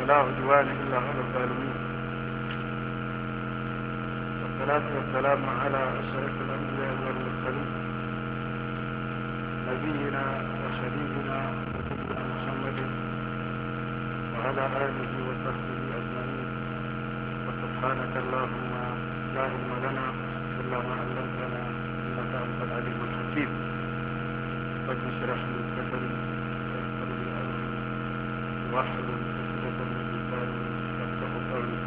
ولا عدوان إلا على الظالمين والصلاة والسلام على أشرف الأنبياء والمرسلين نبينا وشريفنا محمد وعلى آله وصحبه أجمعين وسبحانك اللهم لا علم لنا إلا ما علمتنا إنك أنت العليم الحكيم رب اشرح لي صدري ويسر لي أمري عقدة اللسان تفتح قولي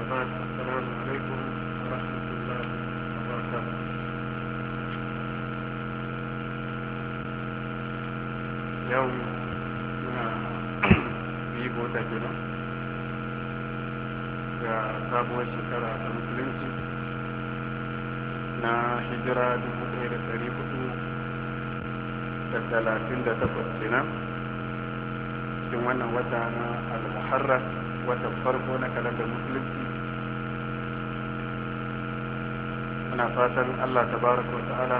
وبعد السلام عليكم ورحمة الله وبركاته يوم بيبو تجنا ga sabuwar shekara ta musulunci na hijira 1438 kenan cikin wannan wata na al-muharram watan farko na kalandar musulunci muna fatan Allah tabaraka wa ta'ala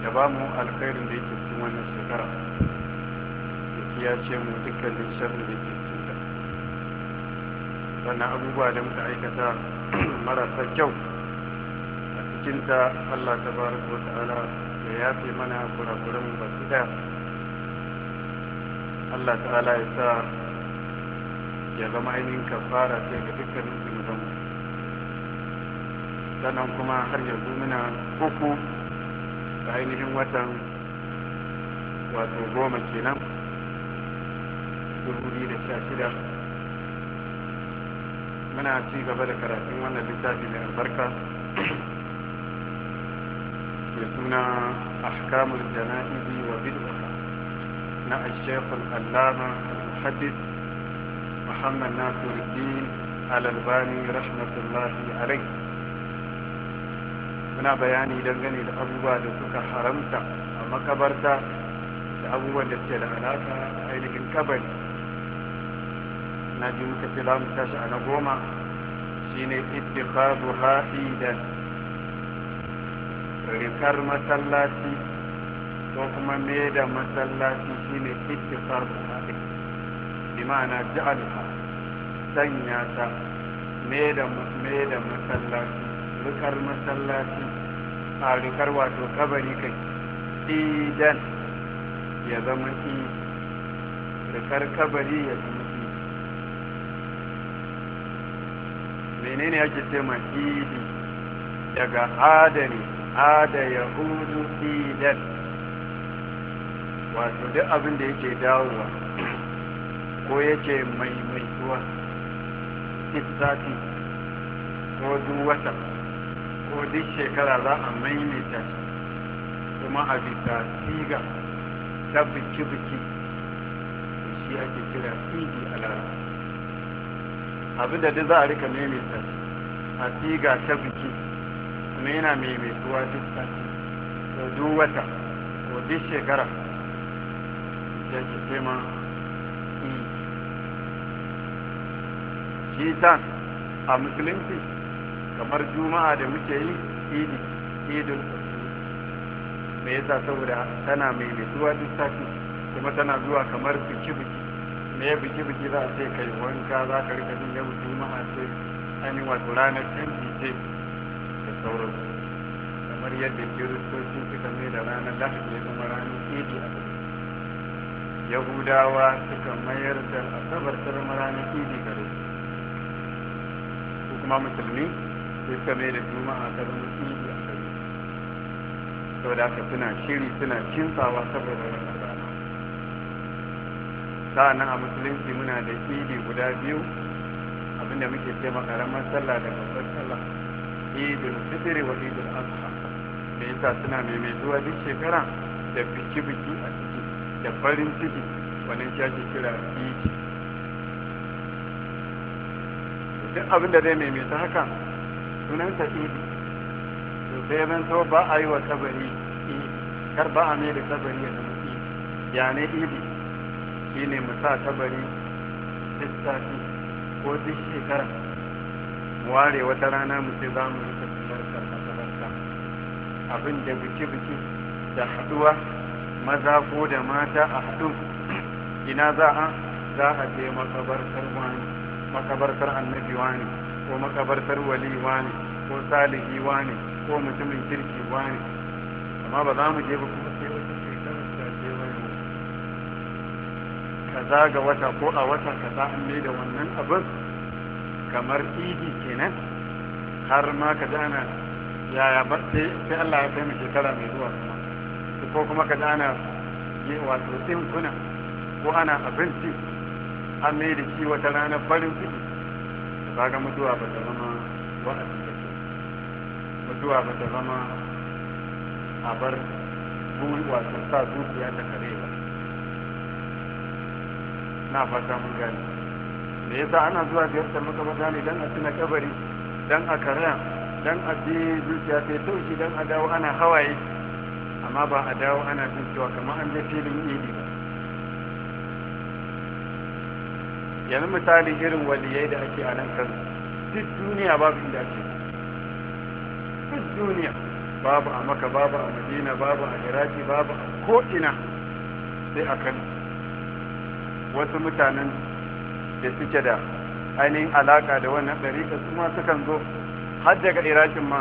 ya ba mu alkhairin da yake cikin wannan shekara ya ce mu dukkanin sharrin da yake cikin ta wannan abubuwa da muka aikata marasa kyau a cikin ta Allah tabaraka wa ta'ala ya yafe mana kurakuran basu daya Allah ta'ala ya sa ya zama ainihin kafara sai ga dukkanin zunuban sannan kuma har yanzu muna uku da ainihin watan wato goma kenan dubu biyu da sha shida muna ci gaba da karatun wannan littafi mai albarka mai suna ahkamul jana'izi wa bid'a na ashekul allama alhadis muhammad nasiruddin alalbani rahmatullahi alai muna bayani dangane da abubuwa da suka haramta a makabarta da abubuwan da suke da alaka ainihin kabari na ji muka ce za a na goma shine ittikhadu da rikar masallaci ko kuma me da masallaci shine ittifar buhari bi ma'ana ja'alha sanya ta me da me da masallaci rikar masallaci a rikar wato kabari kai idan ya zama i rikar kabari ya zama i menene yake ce ma idi daga adani ada yahudu idan wato duk abin da yake dawowa ko yake maimaituwa sati ko duk wata ko duk shekara za a maimaita kuma a bisa siga ta biki-biki shi ake kira idi a abin da duk za a rika maimaita a siga ta biki kuma yana maimaituwa duk sati ko duk wata ko duk shekara musulunci sai mm. shi ta a musulunci kamar juma'a da muke yi idi idul me yasa saboda tana mai mutuwa duk sati kuma tana zuwa kamar biki biki me ya biki biki za a ce kai wanka za ka rika jin yau juma'a ce yi wato ranar canji ce da sauransu kamar yadda kiristoci suka mai da ranar lahadi ya zama ranar idi a yahudawa suka mayar da asabar sarmar ranar idi gare su kuma musulmi sai suka mai da juma'a ta zama idi a gare saboda haka suna shiri suna kinsawa saboda wannan rana sa'annan a musulunci muna da idi guda biyu abinda muke ce makaramar sallah da babbar sallah idul fitri wa idul adha da yasa suna zuwa duk shekara da biki-biki a cikin da farin ciki wannan shi kira biki duk abin da zai maimaita haka sunanta idi to sai zan so ba a yi wa sabari i, kar ba a mai da kabari ya zama i, ya ne idi shi ne mu sa sabari duk ko duk shekara mu ware wata rana mu ce za mu yi tafiyar karkar abin da biki-biki da haduwa maza ko da mata a hadu ina za a za a je makabartar wani makabartar annabi wani ko makabartar wali wani ko salihi wani ko mutumin kirki wani amma ba za mu je ba kuma sai wata shekara ta je wani kaza ga wata ko a wata kaza an mai da wannan abin kamar idi kenan har ma ka ana yaya ba sai Allah ya kai mu shekara mai zuwa kuma ko kuma ka ana yi wato tsinkuna ko ana abinci an mai da shi wata rana farin ciki ba ga mutuwa ba ta zama wa'azi da ke mutuwa ba ta zama a bar wato sa zuciya ta kare ba na fata mun gani me yasa ana zuwa ziyartar ba gani dan a tuna kabari dan a karaya dan a je zuciya ta taushi dan a dawo ana hawaye amma ba a dawo ana jin cewa kamar an je filin idi yanzu misali irin waliyai da ake a nan kano duk duniya babu inda ake duk duniya babu a maka babu a madina babu a iraki babu a ko'ina sai a kano wasu mutanen da suke da ainihin alaka da wannan ɗariƙa su ma sukan zo har daga irakin ma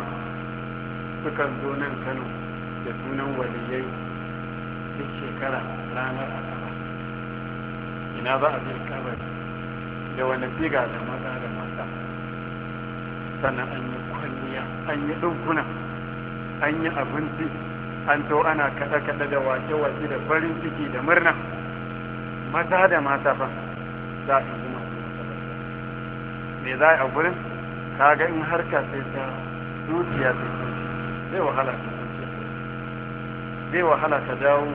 sukan zo nan kano da sunan waliyai duk shekara ranar asaba ina za a zai kabari da wani figa da maza da mata sannan an yi kwalliya an yi ɗaukuna an yi abinci an to ana kaɗe-kaɗe da wake-wake da farin ciki da murna mata da mata fa za a yi masu me za a yi a ga kaga in harka sai ta zuciya sai wahala zai wahala ta dawo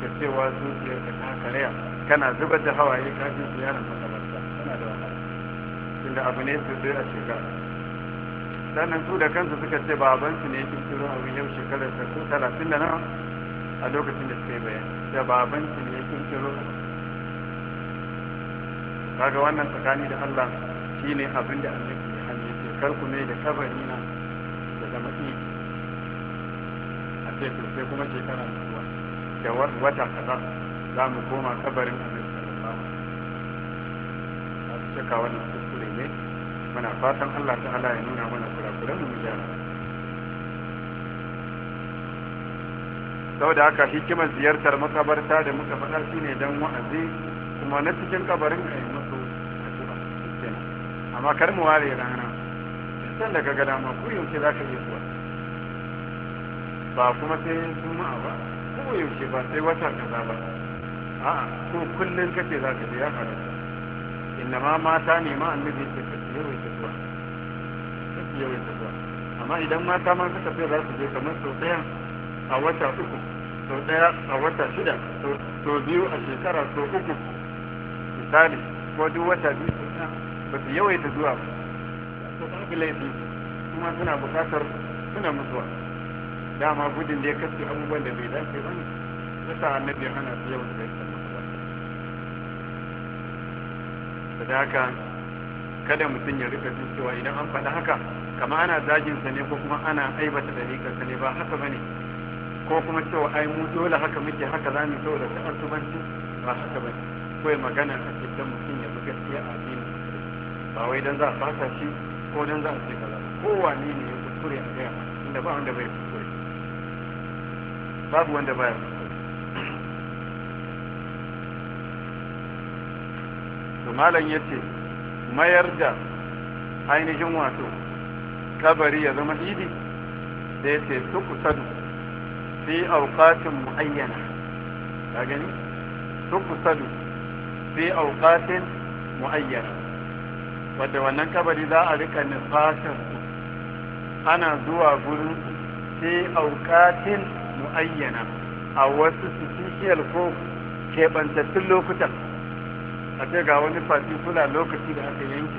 da cewa zuciyar ta kakariya kana zubar da hawaye kafin ziyarar makabarta tana da wahala tunda abu ne su zai a shekara sannan su da kansu suka ce su ne yake kiro abin yau shekarar ta ko talatin da nawa a lokacin da suka yi bayan da su ne yake kiro kaga wannan tsakani da Allah shine abin da annabi ya hanye ce kar ku ne da kabari na da zama iya ce to sai kuma shekara mai zuwa da wata kaza za mu koma kabarin annabi sallallahu alaihi wasallam a wannan kuskure ne muna fatan Allah ta'ala ya nuna mana kurakuran mu Sau da haka hikimar ziyartar makabarta da muka faɗa shine dan wa'azi kuma na cikin kabarin a yi musu addu'a amma kar mu ware rana san daga gada ma ku yaushe za ka yi ba kuma sai juma'a ba ko yaushe ba sai wata kaza ba a'a ko kullum kace za ka je ya halatta inda ma mata ne ma annabi ya ce yawaita zuwa kake yawaita zuwa amma idan mata ma suka ce za su je kamar sau ɗaya a wata uku sau ɗaya a wata shida sau biyu a shekara sau uku misali ko duk wata biyu sau ɗaya ba su yawaita zuwa ba to babu laifi kuma suna buƙatar suna mutuwa dama gudun da ya kashe abubuwan da bai dace ba ne sa annabi ya hana su yawan zai sallah da haka kada mutum ya rika jin cewa idan an faɗa haka kama ana zagin sa ne ko kuma ana aibata da rikar sa ne ba haka ba ne ko kuma cewa ai mu dole haka muke haka za mu saboda ta'assubanci ba haka ba ne kawai magana a cikin mutum ya bi gaskiya a addini ba wai don za a fasa shi ko don za a ce kaza kowane ne ya kuskure a gaya inda ba wanda bai babu wanda baya to malam ya ce mayar da ainihin wato kabari ya zama idi da ya ce su kusadu fi auƙatin mu'ayyana ka gani su kusadu fi auƙatin mu'ayyana wadda wannan kabari za a rika nufashin ana zuwa gurin fi auƙatin muayyana a wasu special ko keɓantattun lokutan a ce ga wani fasikula lokaci da aka yanke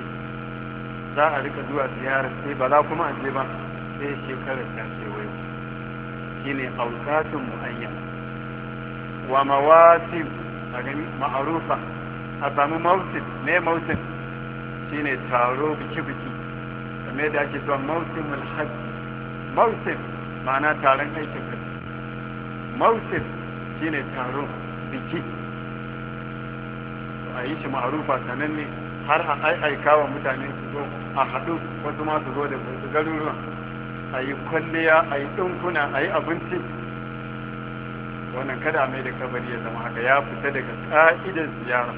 za a rika zuwa ziyarar sai ba za kuma a je ba sai shekarar ta shi shine aukatun muayyana wa mawasin a gani ma'arufa a samu mawasin ne shi shine taro biki-biki kamar da ake zuwa mawasin mulhaji mawasin ma'ana taron aikin mawusin shine taron biki a yi shi ma'arufa ne har a aika wa mutane su zo a haɗu wasu ma su zo da su garuruwa a yi kwalliya a yi ɗinkuna a yi abinci wannan kada mai da kabari ya zama haka ya fita daga ƙa'idar ziyara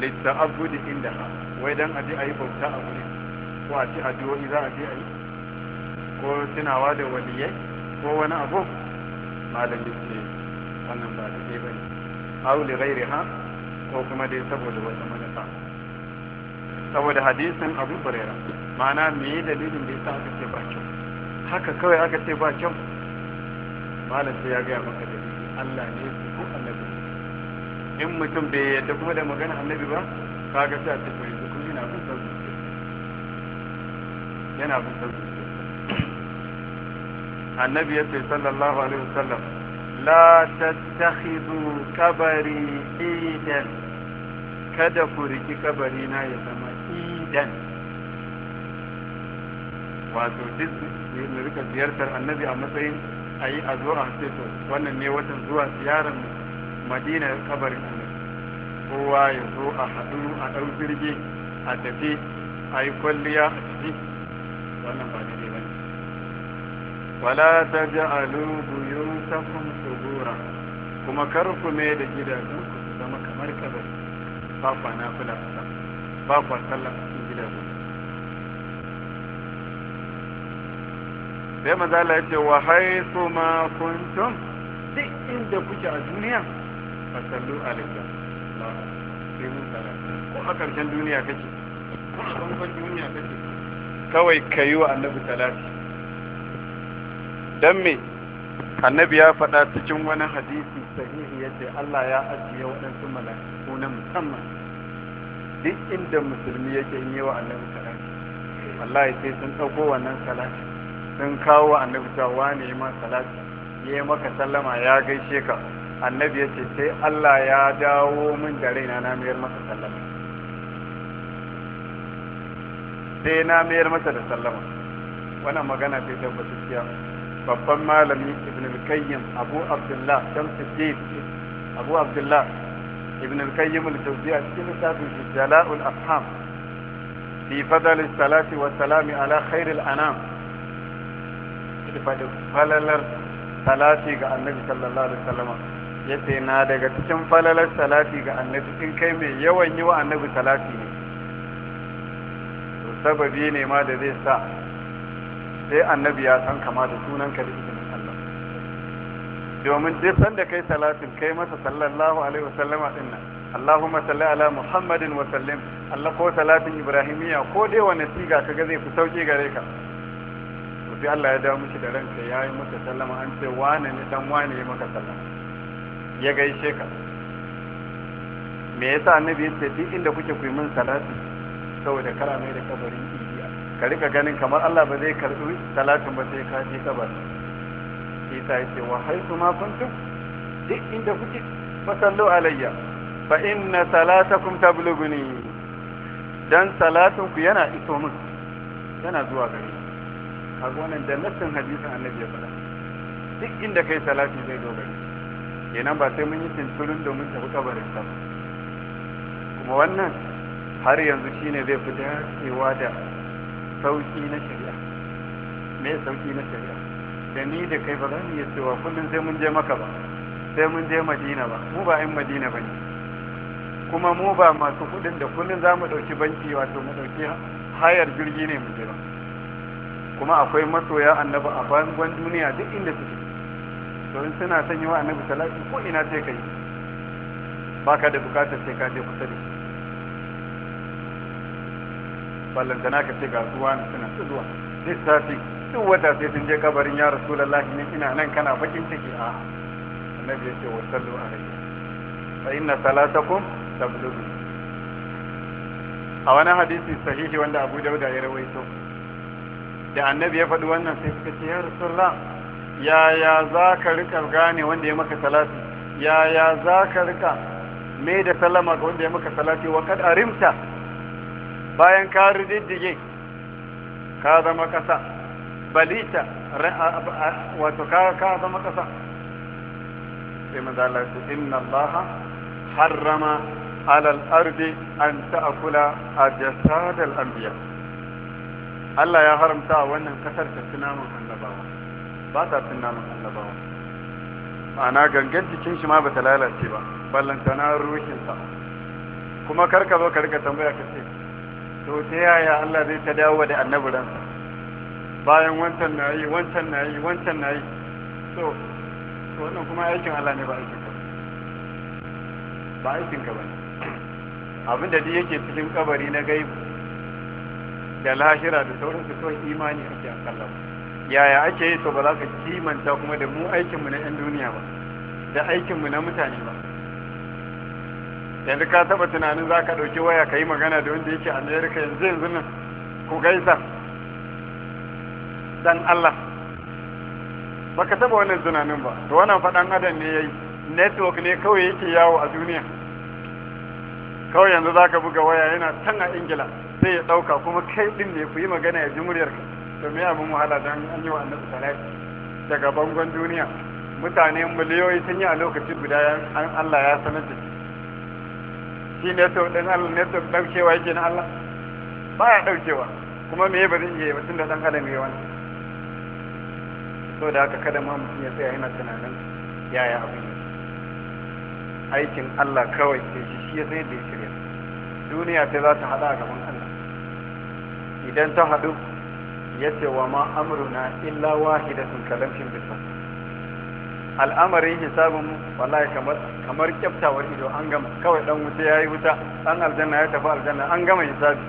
litta abudi inda ha wai don aji a yi bauta a wuri ko a ci addu'o'i za a je a yi ko tunawa da waliyai ko wani abu malami ce wannan ba daidai ba ne au li ha ko kuma dai saboda wata manufa saboda hadisin abu hurairah ma'ana me dalilin da yasa aka ce ba kyau haka kawai aka ce ba kyau malam sai ya gaya maka dalili Allah ne ko annabi in mutum bai yadda kuma da magana annabi ba kaga sai a ce to yanzu kun yana bin sauki yana bin sauki annabi ya ce sallallahu alaihi wasallam la tattakhidu kabari idan kada ku riki kabari ya zama idan wato duk ne rika ziyartar annabi a matsayin a yi a zuwa ce to wannan ne watan zuwa ziyarar madina kabarin annabi kowa ya zo a haɗu a ɗau jirgi a tafi a yi kwalliya a ciki wannan ba wala ta ji alubu yun tafin tsubura kuma kar ku mai da gidajen ku zama kamar kabari ba kwa na fula ba kwa sallah a cikin gidajen sai maza ya ce wa haitsu ma kuntum duk inda kuke a duniya A sallu alaikum sai mun ko a karshen duniya kake ko a bangon duniya kake kawai kayi wa annabi talatin. don me annabi ya faɗa cikin wani hadisi sahihi yace Allah ya ajiye waɗansu mala'iku na musamman duk inda musulmi yake yi wa annabi salati wallahi sai sun ɗauko wannan salati sun kawo wa annabi cewa ne ma salati ya maka sallama ya gaishe ka annabi ya ce sai Allah ya dawo min da raina na mayar maka sallama sai na mayar masa da sallama wannan magana ce tabbataciya babban malami ibn al kayyim abu abdullah dan shamsuddin abu abdullah ibn al kayyim al-jawziya cikin littafin jala'ul afham fi fadal salati wa salami ala khairil anam da falalar salati ga annabi sallallahu alaihi wasallam yace na daga cikin falalar salati ga annabi in kai mai yawan yi wa annabi salati ne sababi ne ma da zai sa sai annabi ya san kama da sunanka da ibn sallam domin duk sanda kai salatin kai masa sallallahu alaihi wasallama din nan Allahumma salli ala Muhammadin wa sallim Allah ko salatin Ibrahimiya ko dai wani siga kaga zai fi sauki gare ka to sai Allah ya dawo miki da ranka yayi maka sallama an ce wane ne dan wane ya maka sallama ya gaishe ka me yasa annabi ya ce duk inda kuke ku yi min salati saboda kara mai da kabarin ka rika ganin kamar Allah ba zai karɓi salatin ba sai ka je kabar isa yace wa haythu ma kuntum duk inda kuke fasallu alayya fa inna salatakum tablughuni dan salatun ku yana iso min yana zuwa gare kaga wannan da nassin hadisin annabi ya faɗa duk inda kai salati zai zo gare kenan ba sai mun yi tunturin domin tafi kabarin sa ba kuma wannan har yanzu shine zai fi dacewa da sauki na shari'a me sauki na shari'a da ni da kai ba za mu iya cewa kullum sai mun je maka ba sai mun je madina ba mu ba 'yan madina ba ne kuma mu ba masu kudin da kullum za mu ɗauki banki wato mu ɗauki hayar jirgi ne mu je ba kuma akwai masoya annabi a bangon duniya duk inda suke to in suna son yi wa annabi salati ko ina sai ka yi ba ka da bukatar sai ka je kusa da shi ballantana ka ce ga suwa na suna su zuwa duk sati duk wata sai sun je kabarin ya rasu lallahi ne ina nan kana bakin ciki a annabi ya ce wa sallu alayhi fa inna salatakum tablughu a wani hadisi sahihi wanda Abu Dauda ya rawaito da annabi ya faɗi wannan sai suka ce ya rasulullah yaya za ka rika gane wanda ya maka salati yaya za ka rika mai da sallama ga wanda ya maka salati wa kad arimta bayan ka rididdige ka zama kasa balita wato ka zama kasa sai manzo su inna allaha harrama ala al-ardi an ta'kula ajsad al-anbiya Allah ya haramta wannan kasar ta tunamin annabawa ba ta tunamin annabawa ana gangan cikin shi ma bata lalace ba ballantana ruhin sa kuma karka zo ka rika tambaya ka ce to ta yaya Allah zai ta dawo da annabi bayan wancan na yi wancan na yi wancan na yi so to wannan kuma aikin Allah ne ba aikin ka ba aikin ka ba abin da duk yake cikin kabari na gai da lahira da sauransu kawai imani ake kallon. yaya ake yi to ba za ka kimanta kuma da mu aikinmu na 'yan duniya ba da aikinmu na mutane ba yanzu ka taba tunanin za ka ɗauki waya ka yi magana da wanda yake amerika yanzu yanzu nan ku gaisa dan allah ba ka taba wannan tunanin ba to wannan faɗan adam ne ya yi network ne kawai yake yawo a duniya kawai yanzu za ka buga waya yana can a ingila sai ya ɗauka kuma kai ɗin ne ku yi magana ya ji muryarka to me abin wahala don an yi wa annabi salati daga bangon duniya mutane miliyoyi sun yi a lokacin guda an Allah ya sanar da shi shi to dan Allah network daukewa yake na Allah baya daukewa kuma me ba zai yi ba tunda dan adam ne wannan so da haka kada ma mutum ya tsaya yana tunanin yaya ne aikin Allah kawai ke shi shi ya sai da ya shirya duniya ta za ta hada a gaban Allah idan ta hadu ya ce wa ma amruna illa wahidatun kalamshin bisar al'amarin hisabin wallahi kamar kamar kyaftawar ido an gama kawai dan wuta yayi wuta dan aljanna ya tafi aljanna an gama hisabi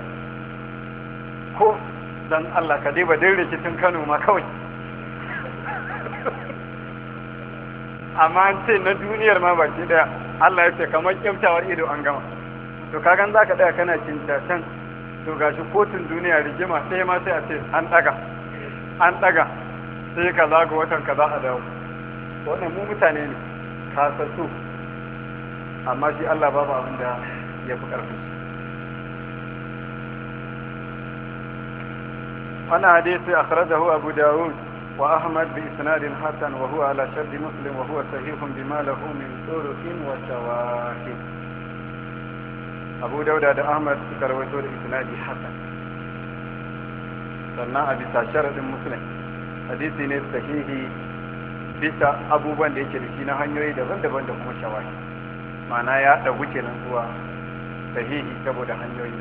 ko dan Allah ka dai ba dai rikicin Kano ma kawai amma an ce na duniyar ma baki daya Allah ya ce kamar kyaftawar ido an gama to kagan zaka daya kana cinta can to gashi kotun duniya rigima sai ma sai a ce an daga an daga sai ka zago watan kaza a dawo wannan mu mutane ne kasassu amma shi Allah babu abin da ya fi ƙarfin su wannan hadisi akhrajahu abu dawud wa ahmad bi isnadin hasan wa huwa ala shaddi muslim wa huwa sahihun bima lahu min turuqin wa shawahid abu dauda da ahmad suka rawaito da isnadi hasan sannan a bisa sharadin muslim hadisi ne sahihi bisa abubuwan da yake da shi na hanyoyi daban-daban da kuma shawahi ma'ana ya ɗagu kenan zuwa sahihi saboda hanyoyi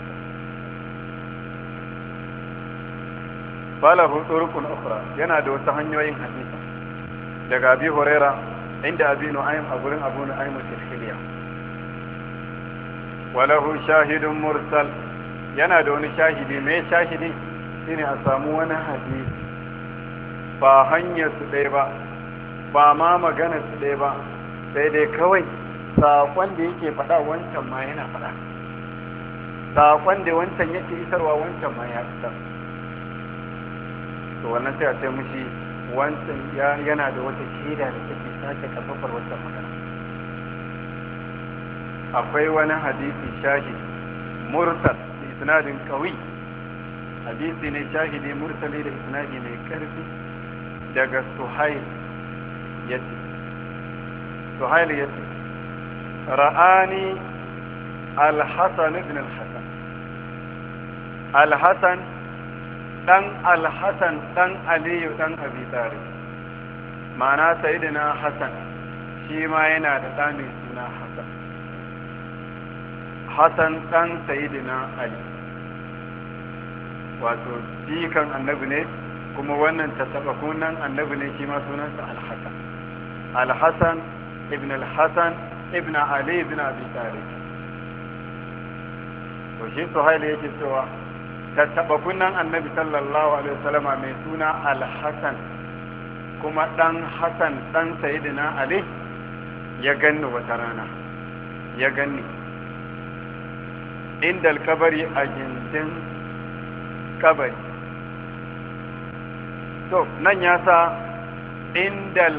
Bala turukun ukhra yana da wasu hanyoyin hadisi daga abi horera, inda abi nu'aym a gurin abu nu'aym tilkhiliya walahu shahidun mursal yana da wani shahidi mai shahidi shine a samu wani hadisi ba hanyar su ɗaya ba ba ma magana su ɗaya ba sai dai kawai saƙon da yake faɗa wancan ma yana faɗa saƙon da wancan yake isarwa wancan ma ya isar to wannan sai a ce mushi wancan yana da wata shaida da take sake karfafar wancan magana akwai wani hadisi shahid mursal da isnadin kawi hadisi ne shahidi mursali da isnadi mai karfi daga suhail yace suhail yace ra'ani al-hasan ibn al-hasan al-hasan dan al-hasan dan aliyu dan abi tare ma'ana sayyidina hasan shi ma yana da ɗanin suna hasan hasan dan sayyidina ali wato jikan annabi ne kuma wannan ta taba kunan annabi ne shi ma sunansa al-hasan al-hasan ibn al ibn ali ibn abi talib to shi suhaili yake cewa ta taba kunnan annabi sallallahu alaihi wasallama mai suna al-hasan kuma dan hasan dan sayyidina ali ya ganni wata rana ya ganni a to nan ya sa inda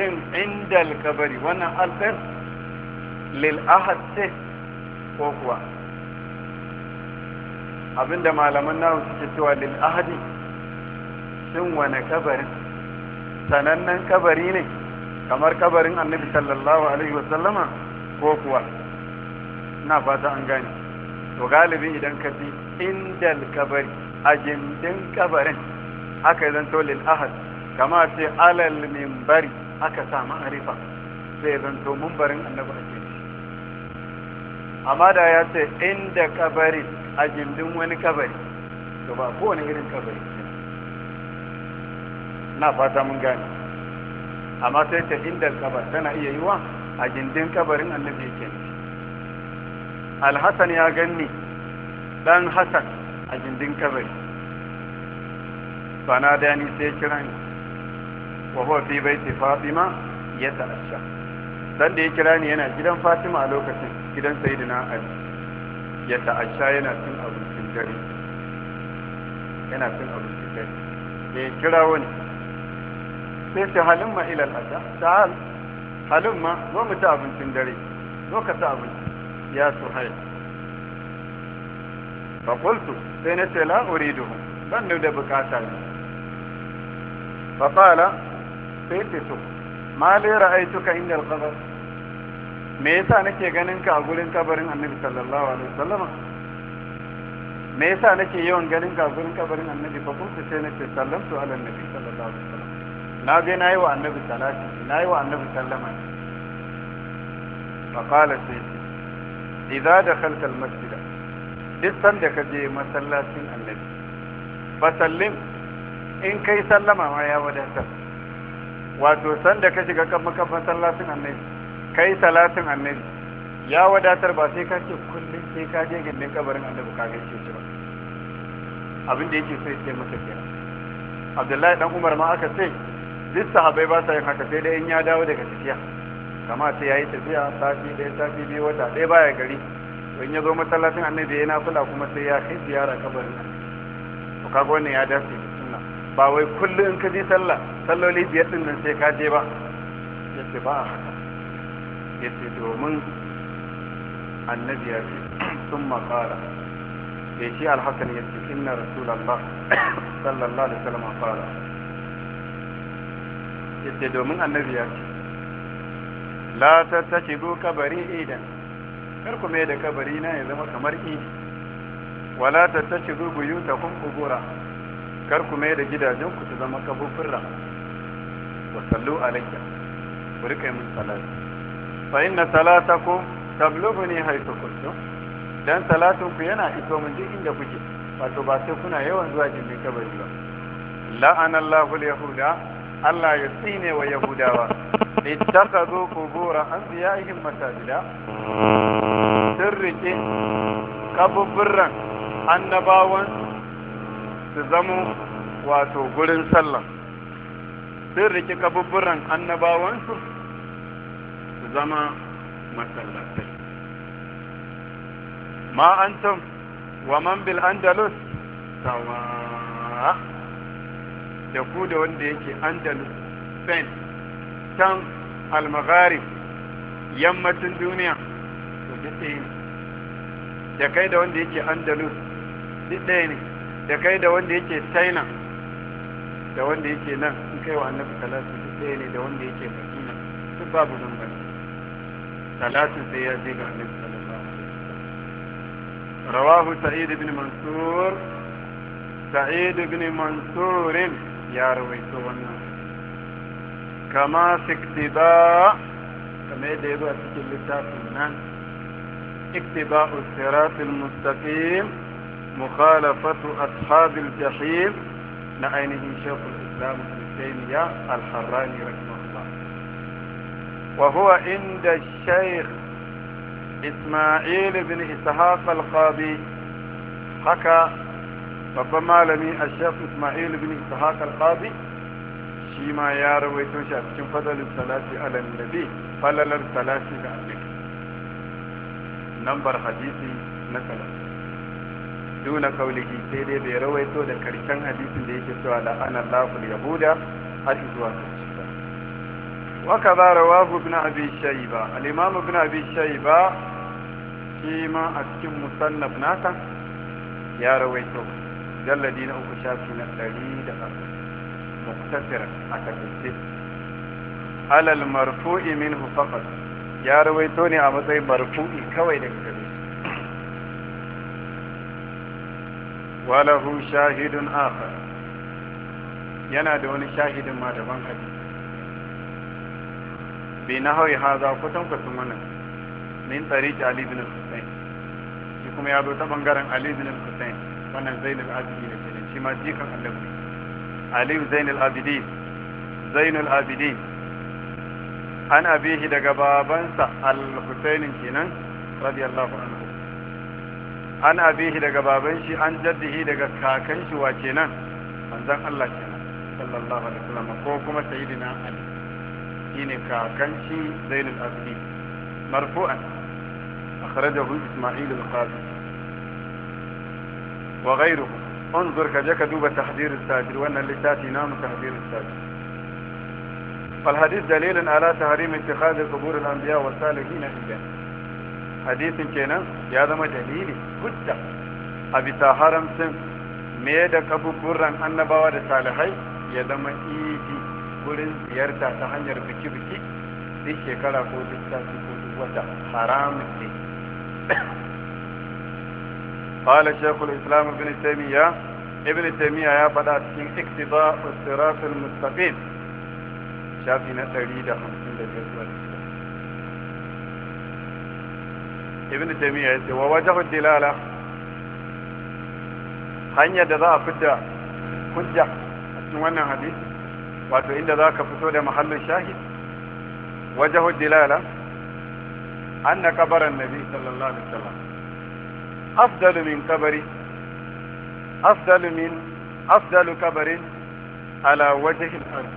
jin inda kabari wannan alɗin lil ahad ce ko kuwa abinda malaman nawa suke cewa lil ahadi shin wane kabarin sanannen kabari ne kamar kabarin annabi sallallahu alaihi wasallama ko kuwa na fata an gane to galibi idan ka ji inda kabari a gindin kabarin haka zan to lil ahad kama sai alal mimbari aka sa ma'arifa sai zanto mumbarin annabi ake amma da ya ce inda kabari a gindin wani kabari to ba ko wani irin kabari na fata mun gane amma sai ta inda kabar tana iya yiwa a gindin kabarin annabi yake alhassan ya ganni dan hassan a gindin kabari bana da ni sai kira ni wa huwa fi baiti fatima ya ta'asha dan da ya kira ni yana gidan fatima a lokacin gidan sayyidina ali ya ta'asha yana cin abincin dare yana cin abincin dare da ya kira wani sai ta halin ma ilal asha ta'al halin ma zo mu ci abincin dare zo ka ci abinci ya suhail fa qultu sai na ce la uriduhu ban da bukata ne fa qala sai to ma lai ra'aituka inda alqabar me yasa nake ganin ka a gurin kabarin annabi sallallahu alaihi wasallam me yasa nake yawan ganin ka a gurin kabarin annabi fa kuma sai nace sallamtu ala annabi sallallahu alaihi wasallam na na nayi wa annabi salati nayi wa annabi sallama fa qala sai idza dakhalta almasjid duk da ka je masallacin annabi fa sallim in kai sallama ma ya wadatar wato sanda ka shiga kan makafan salatin annabi kai salatin annabi ya wadatar ba sai ka ce kullum sai ka je gindin kabarin annabi ka gaishe shi ba abin da yake sai sai masa kira abdullahi dan umar ma aka ce duk sahabbai ba sa yin haka sai dai in ya dawo daga tafiya kama sai yayi tafiya safi ɗaya safi biyu wata ɗaya baya gari to in ya zo masallacin annabi yana fula kuma sai ya kai ziyara kabarin annabi to kaga wannan ya dace ba wai kullum in ka je sallah salloli biyar din nan sai ka je ba ya ce ba ya ce domin annabi ya ce sun makara ya ce alhassan ya ce inna rasulallah sallallahu alaihi wasallam fara ya ce domin annabi ya ce la ta tashi kabari idan kar ku mai da kabari na ya zama kamar idi wala ta tashi zo ta kun kubura kar ku mai da gidajen ku su zama kafofin wa sallu alayya ku rika yi min salati fa inna salatakum tablughuni haythu kuntum dan salatun ku yana iso mun duk inda kuke wato ba sai kuna yawan zuwa jimin kabari ba la'ana Allahu al-yahuda Allah ya tsine wa yahudawa ittakhadhu qubur anbiya'ihim masajida sirrike kabubburran annabawan su zamo wato gurin sallah sun riƙe kabubburan annabawansu su zama masallatai ma antum wa man bil andalus sawa da ku da wanda yake andalus spain can almagari yammacin duniya su duk ɗaya ne da kai da wanda yake andalus duk ɗaya ne da kai da wanda yake china da wanda yake nan in kai wa annabi salatu ɗaya ne da wanda yake madina su babu nan ba salatu sai ya je ga annabi sallallahu alaihi wasallam rawahu sa'id ibn mansur sa'id ibn mansur ya rawaito wannan kama siktiba kama yadda ya zo a cikin littafin nan iktiba usiratul mustaqim مخالفة أصحاب الجحيم نعينه شيخ الإسلام ابن تيمية الحراني رحمه الله وهو عند الشيخ إسماعيل بن إسحاق القاضي حكى ربما لم الشيخ إسماعيل بن إسحاق القاضي شيما يا رويت شاف شن فضل الصلاة على النبي فلل الصلاة بعدك نمبر حديثي نسلت duna kaulihi sai dai bai rawaito da karshen hadisin da yake cewa la'ana Allahu yahuda har zuwa karshe wa kaza rawahu ibn abi shayba al-imam ibn abi shayba shi ma a cikin musannaf naka ya rawaito jalladi na uku shafi na ɗari da muktasira a takaice Halal marfu'i minhu faqat ya rawaito ne a matsayin marfu'i kawai daga gare walahu shahidun akhar yana da wani shahidin ma daban hadi bi nahawi haza kutan kusan wannan min tariq ali ibn husayn shi kuma ya zo ta bangaren ali ibn husayn wannan zainul abidin ne shi ma jikan annabi ali zainul abidin zainul abidin an abihi daga babansa al-husayn kenan radiyallahu anhu an abihi daga baban shi an jaddihi daga kakan shi wa kenan manzon Allah kenan sallallahu alaihi wasallam ko kuma sayyidina Ali shine kakan shi Zainul Abidin marfu'an akhrajahu Isma'il al-Qadi wa ghayruhu انظر كجك دوب تحذير الساجر وان اللتاتي نام تحذير الساجر فالحديث دليل على تحريم اتخاذ قبور الانبياء والسالكين عندنا hadisin kenan ya zama dalili hujja a bisa haramcin me da kaburburan annabawa da salihai ya zama idi wurin ziyarta ta hanyar biki-biki duk shekara ko duk sati ko duk wata haram ne قال شيخ الإسلام ابن تيمية ابن تيمية يا بدأت Mustapha. اقتضاء الصراط المستقيم شافنا تريد خمسين دقيقة ابن تيمية ووجه الدلالة هنيا دزا فدا حجة نوانا حديث واتو عند ذاك فسود محل الشاهد وجه الدلالة أن قبر النبي صلى الله عليه وسلم أفضل من قبر أفضل من أفضل قبر على وجه الأرض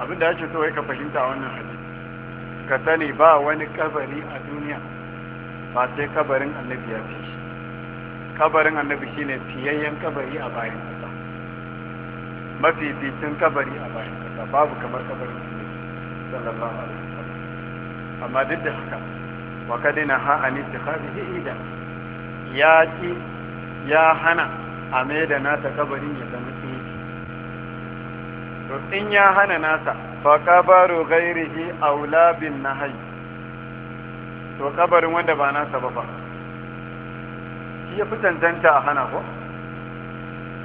أبدا أجل سويك فهمت عن الحديث ka sani ba wani kabari a duniya ba sai kabarin annabi ya fi shi kabarin annabi ne fiyayyen kabari a bayan kasa Mafi fitin kabari a bayan kasa babu kamar kabarin annabi sallallahu alaihi wasallam amma duk da haka wa kadina ha an ittikhadihi idan ya ki ya hana a mai da nata kabarin ya zama tsinki to in ya hana nasa fa kabaru ghairihi aula bin nahyi to kabarin wanda ba nasa ba fa shi ya fi tantanta a hana ko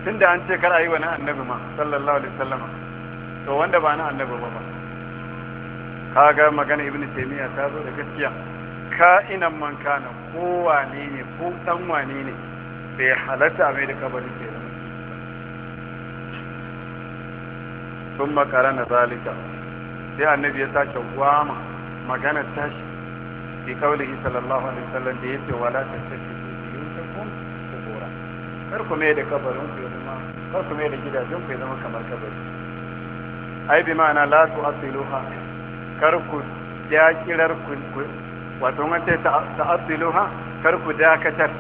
tunda an ce kar a yi wa na annabi ma sallallahu alaihi sallama, to wanda ba na annabi ba ba kaga magana ibn taymiya ta zo da gaskiya ka'inan man kana ko wane ne ko dan wane ne bai halatta mai da kabarin ke sun makara na zalika sai annabi ya sake gwama magana tashi fi kaulihi sallallahu alaihi wasallam da yace wala ta tafi biyutakum kubura kar ku mai da kabarin ku ya zama kar ku mai da gidajen ku ya zama kamar kabari ai bi ma'ana la tu'asiluha kar ku ya kirar ku wato an ce ta'asiluha kar ku dakatar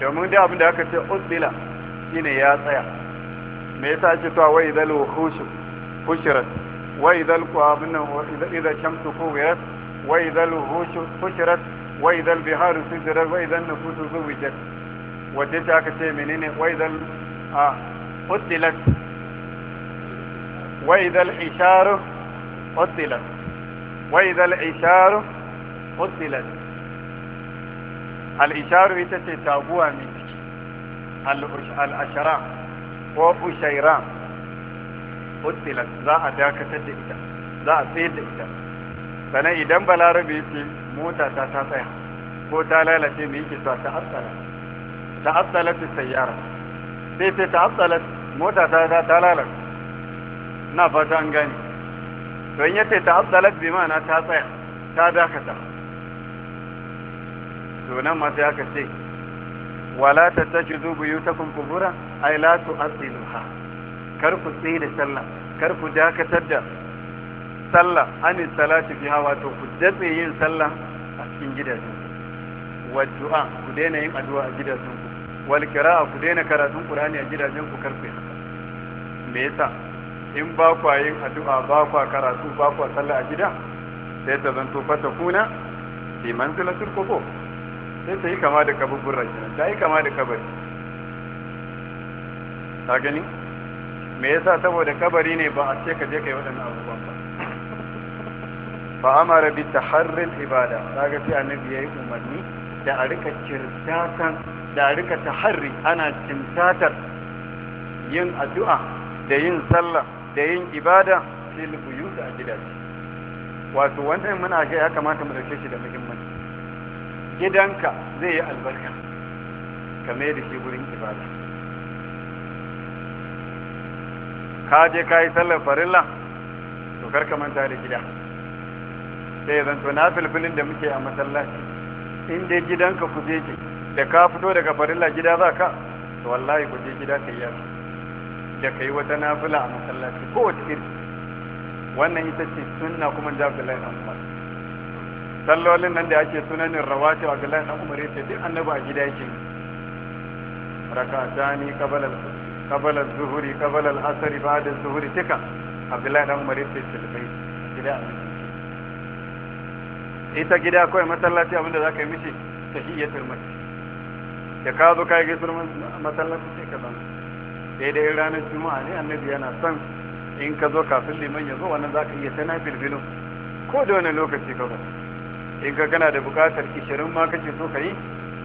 domin da abin da aka ce usila shine ya tsaya me yasa ake cewa wa idal wuhushu fushirat wa idal abin wa idal shamsu kuwirat wa idal wukhush fushirat wa idal biharu sidra wa idal nufusu zuwijat wacce ta aka ce menene wa idal a uddilat wa idal isharu uddilat wa idal isharu uddilat al isharu ita ce taguwa ne al ashara ko bushairan utilat za a dakatar da ita za a sayar da ita sannan idan balarabe ya ce mota ta ta tsaya ko ta lalace mai yake sa ta asala ta asala ta sayyara sai sai ta asala mota ta ta lalace na fata an to in yace ta asala bi ma'ana ta tsaya ta dakata to nan ma sai aka ce wala tattakizu buyutakum qubura ay la tu'tiluha kar ku tsaye da sallah kar ku dakatar da sallah ani salati fiha wato ku datse yin sallah a cikin gidajen wa ku daina yin addu'a a gidajen ku daina karatun a in ba yin addu'a ba kwa karatu ba kwa sallah a gida sai ta zanto fata kuna bi manzilatul qubur sai ta yi kama da kabubburra kenan ta yi kama da kabari ta gani me yasa saboda kabari ne ba a ce ka je kai waɗannan abubuwan ba a amara bi harin ibada ga sai annabi ya yi umarni da a rika kirtatan da a rika ta taharri ana kimtatar yin addu'a da yin sallah da yin ibada fil buyut a gidaje wato wannan muna ga ya kamata mu dauke shi da muhimmanci gidanka zai yi albarka kame da shi gurin ibada ka je ka yi sallar farilla to karka manta da gida sai zan to na filfilin da muke a masallaci in dai gidanka ku je ki da ka fito daga farilla gida za ka to wallahi ku je gida ka yi da ka yi wata nafila a masallaci ko kowace iri wannan ita ce sunna kuma jabdalai an amfani. sallolin nan da ake sunanin rawati wa Abdullahi dan Umar yace duk annabi a gida yake rakatani qabala qabala zuhuri qabala al-asr ba'da zuhuri tika Abdullahi dan Umar yace tilbai gida ita gida kawai masallaci abinda zaka yi mishi tahiyatul masjid da ka zo kai gaisuwar masallaci sai ka zama daidai ranar juma'a ne annabi yana son in ka zo kafin liman ya zo wannan zaka iya tana bilbilin ko da wani lokaci ka zo in ka gana da bukatar 20 ma kake so ka yi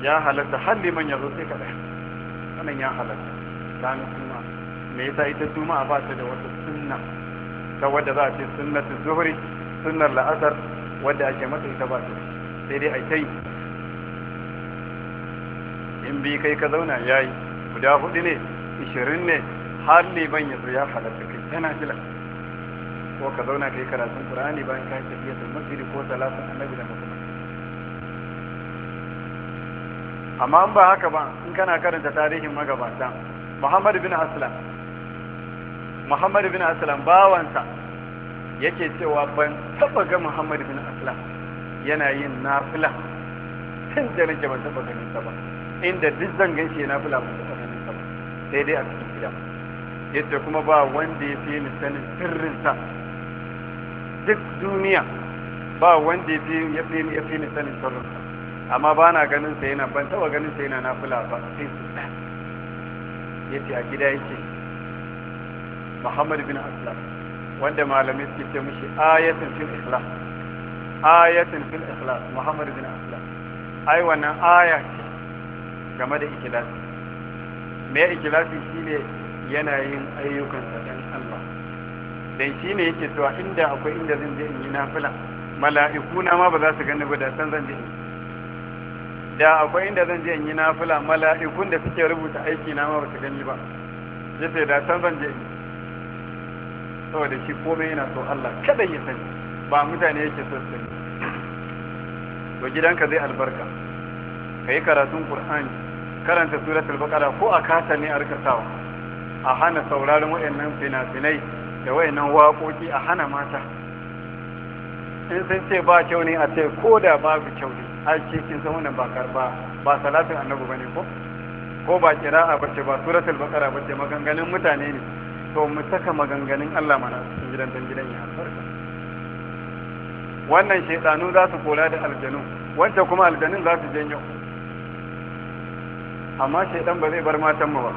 ya halatta har liman ya zo sai ka ɗaya wannan ya halatta ranar kuma me yasa ita juma'a ba ta da wata sunna ta wadda za a ce sunnatu zuhri sunnar la'asar wadda ake mata ita ba ta sai dai a kai in bi kai ka zauna ya yi guda hudu ne ishirin ne har liman ya zo ya halatta kai yana jila ko ka zauna kai karatun qur'ani bayan ka yi tafiya da masjidi ko salatu annabi da amma in ba haka ba in kana karanta tarihin magabata Muhammad bin Aslam Muhammad bin Aslam bawansa yake cewa ban taba ga Muhammad bin Aslam yana yin nafila tun da nake ban taba ganin sa ba inda duk zan shi yana nafila ban taba ganin sa ba sai dai a cikin gida yace kuma ba wanda ya fi ni sanin sirrin sa duk duniya ba wanda ya fi ni sanin sirrin sa amma ba na ganin sa yana ban taba ganin sa yana fula ba sai su da yace a gida yake Muhammad bin Aslam wanda malamai suke ce mishi ayatun fil ikhlas ayatun fil ikhlas Muhammad bin Aslam ai wannan aya game da ikhlasi me ikhlasi shine yana yin ayyukan sa dan Allah dan shine yake cewa inda akwai inda zan je in yi nafila mala'iku na ma ba za su gani ba da san zan je in da akwai inda zan je in yi nafila mala'ikun da suke rubuta aiki na ma ba su gani ba ya ce da san zan je in saboda shi komai yana so Allah kada ya sani ba mutane yake so su sani to gidanka zai albarka ka yi karatun Qur'ani karanta suratul baqara ko a kasa ne a sawa a hana sauraron wayannan fina-finai da wayannan waƙoƙi a hana mata in sun ce ba kyau ne a ce ko da babu kyau ne ai kin san wannan ba karba ba salatin annabi bane ko ko ba kira'a bace ba suratul baqara bace maganganun mutane ne to mu saka maganganun Allah mana cikin gidan dan gidan ya farka wannan shaytanu za su kula da aljanu wanda kuma aljanun za su janyo amma shaytan ba zai bar matan mu ba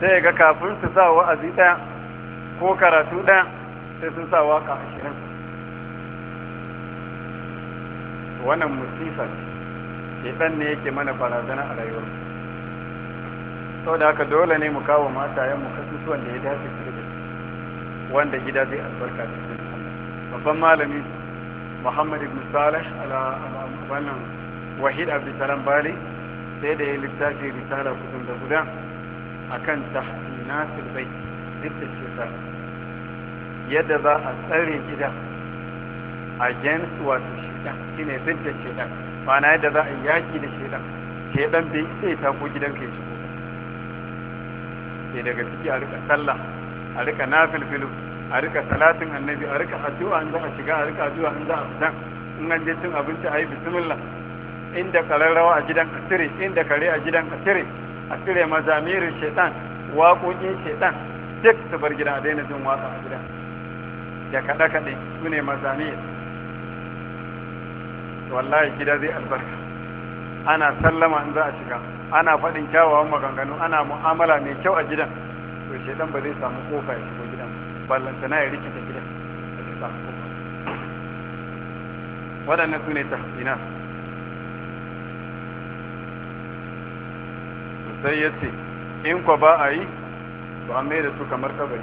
sai ga kafin su sa wa'azi ɗaya ko karatu ɗaya? sai sun sa waka ashirin wannan ke ɗan ne yake mana barazana a rayuwar sau da haka dole ne mu kawo matayen mu kasusuwan da ya dace su da wanda gida zai albarka da su babban malami muhammad ibn salih ala wannan wahid bali sai da ya littafi risala kusan da guda a akan tahsinatul sirbai duk da yadda za a tsare gida a jens wato shi shedan shine zidda shaitan ma'ana yadda za a yaki da shaitan shaitan bai isa ya tako gidanka ya shigo sai daga ciki a rika sallah a rika nafilfilu a rika salatin annabi a rika addu'a in za a shiga a rika addu'a in za a fita in an je cin abinci a yi bismillah inda kararrawa a gidan a cire inda kare a gidan a cire a cire mazamirin shaitan waƙoƙin shaitan duk su bar gida a daina jin waƙa a gidan da kaɗe-kaɗe su ne mazamiyar. wallahi gida zai albarka ana sallama in za a shiga ana faɗin kyawawan maganganu ana mu'amala mai kyau a gidan to shaidan ba zai samu kofa ya shigo gidan ballanta na ya rikita gidan ba zai kofa waɗannan su ne tahsina sai ya ce in kwa ba a yi to an mai da su kamar kabari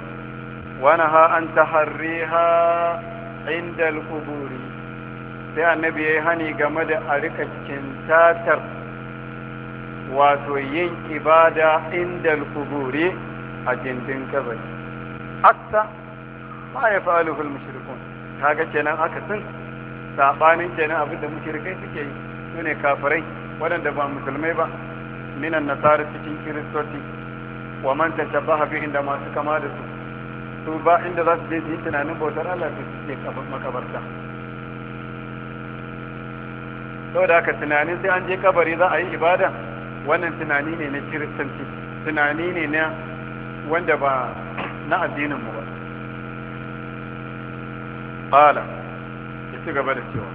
wani ha an ta ha inda al-quburi sai annabi ya yi hani game da a rika kintatar wato yin ibada inda kuburi a jindin kabari hatta ma ya fa'aluhul mushrikun kaga kenan haka sun sabanin kenan abin da mushrikai suke yi su ne kafirai waɗanda ba musulmai ba minan nasara cikin kiristoci wa man tashabbaha bi inda masu kama da su su ba inda za su je su yi tunanin bautar Allah su suke makabarta saboda haka tunanin sai an je kabari za a yi ibada wannan tunani ne na kiristanci tunani ne na wanda ba na addinin mu ba qala ya ci gaba da cewa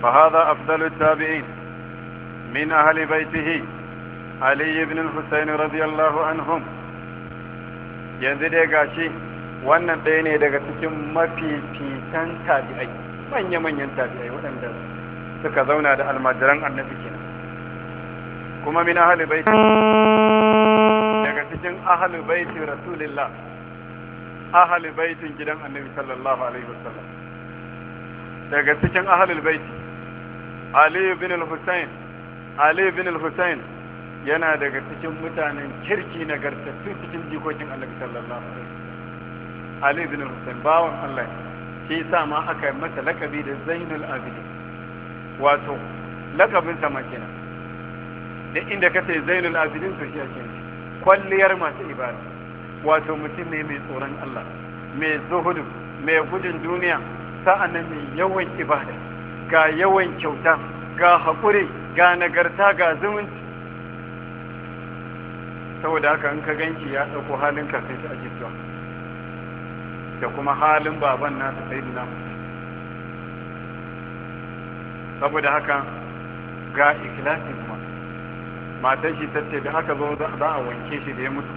fa hadha afdalu tabi'in min ahli baitihi ali ibn al-husayn radiyallahu anhum yanzu dai gashi wannan ɗaya ne daga cikin mafifitan tabi'ai manya-manyan tabi'ai waɗanda suka zauna da almajiran annabi kenan kuma min ahli baiti daga cikin ahli baiti rasulillah ahli baitin gidan annabi sallallahu alaihi wasallam daga cikin ahli baiti ali ibn al-husayn ali ibn al-husayn yana daga cikin mutanen kirki na nagartattu cikin jikokin annabi sallallahu alaihi wasallam ali ibn al-husayn bawan Allah shi yasa ma aka yi masa lakabi da zainul abidin wato lakabin sama kenan da inda ka ce zainul abidin to shi ake kwalliyar masu ibada wato mutum ne mai tsoron Allah mai zuhudu mai gudun duniya sa'annan mai yawan ibada ga yawan kyauta ga haƙuri ga nagarta ga zumunci saboda haka in ka ganki ya ɗauko halin ka sai ta ake da kuma halin baban nasu sai saboda haka ga ikilasin kuma matar shi ta da aka zo za a wanke shi da ya mutu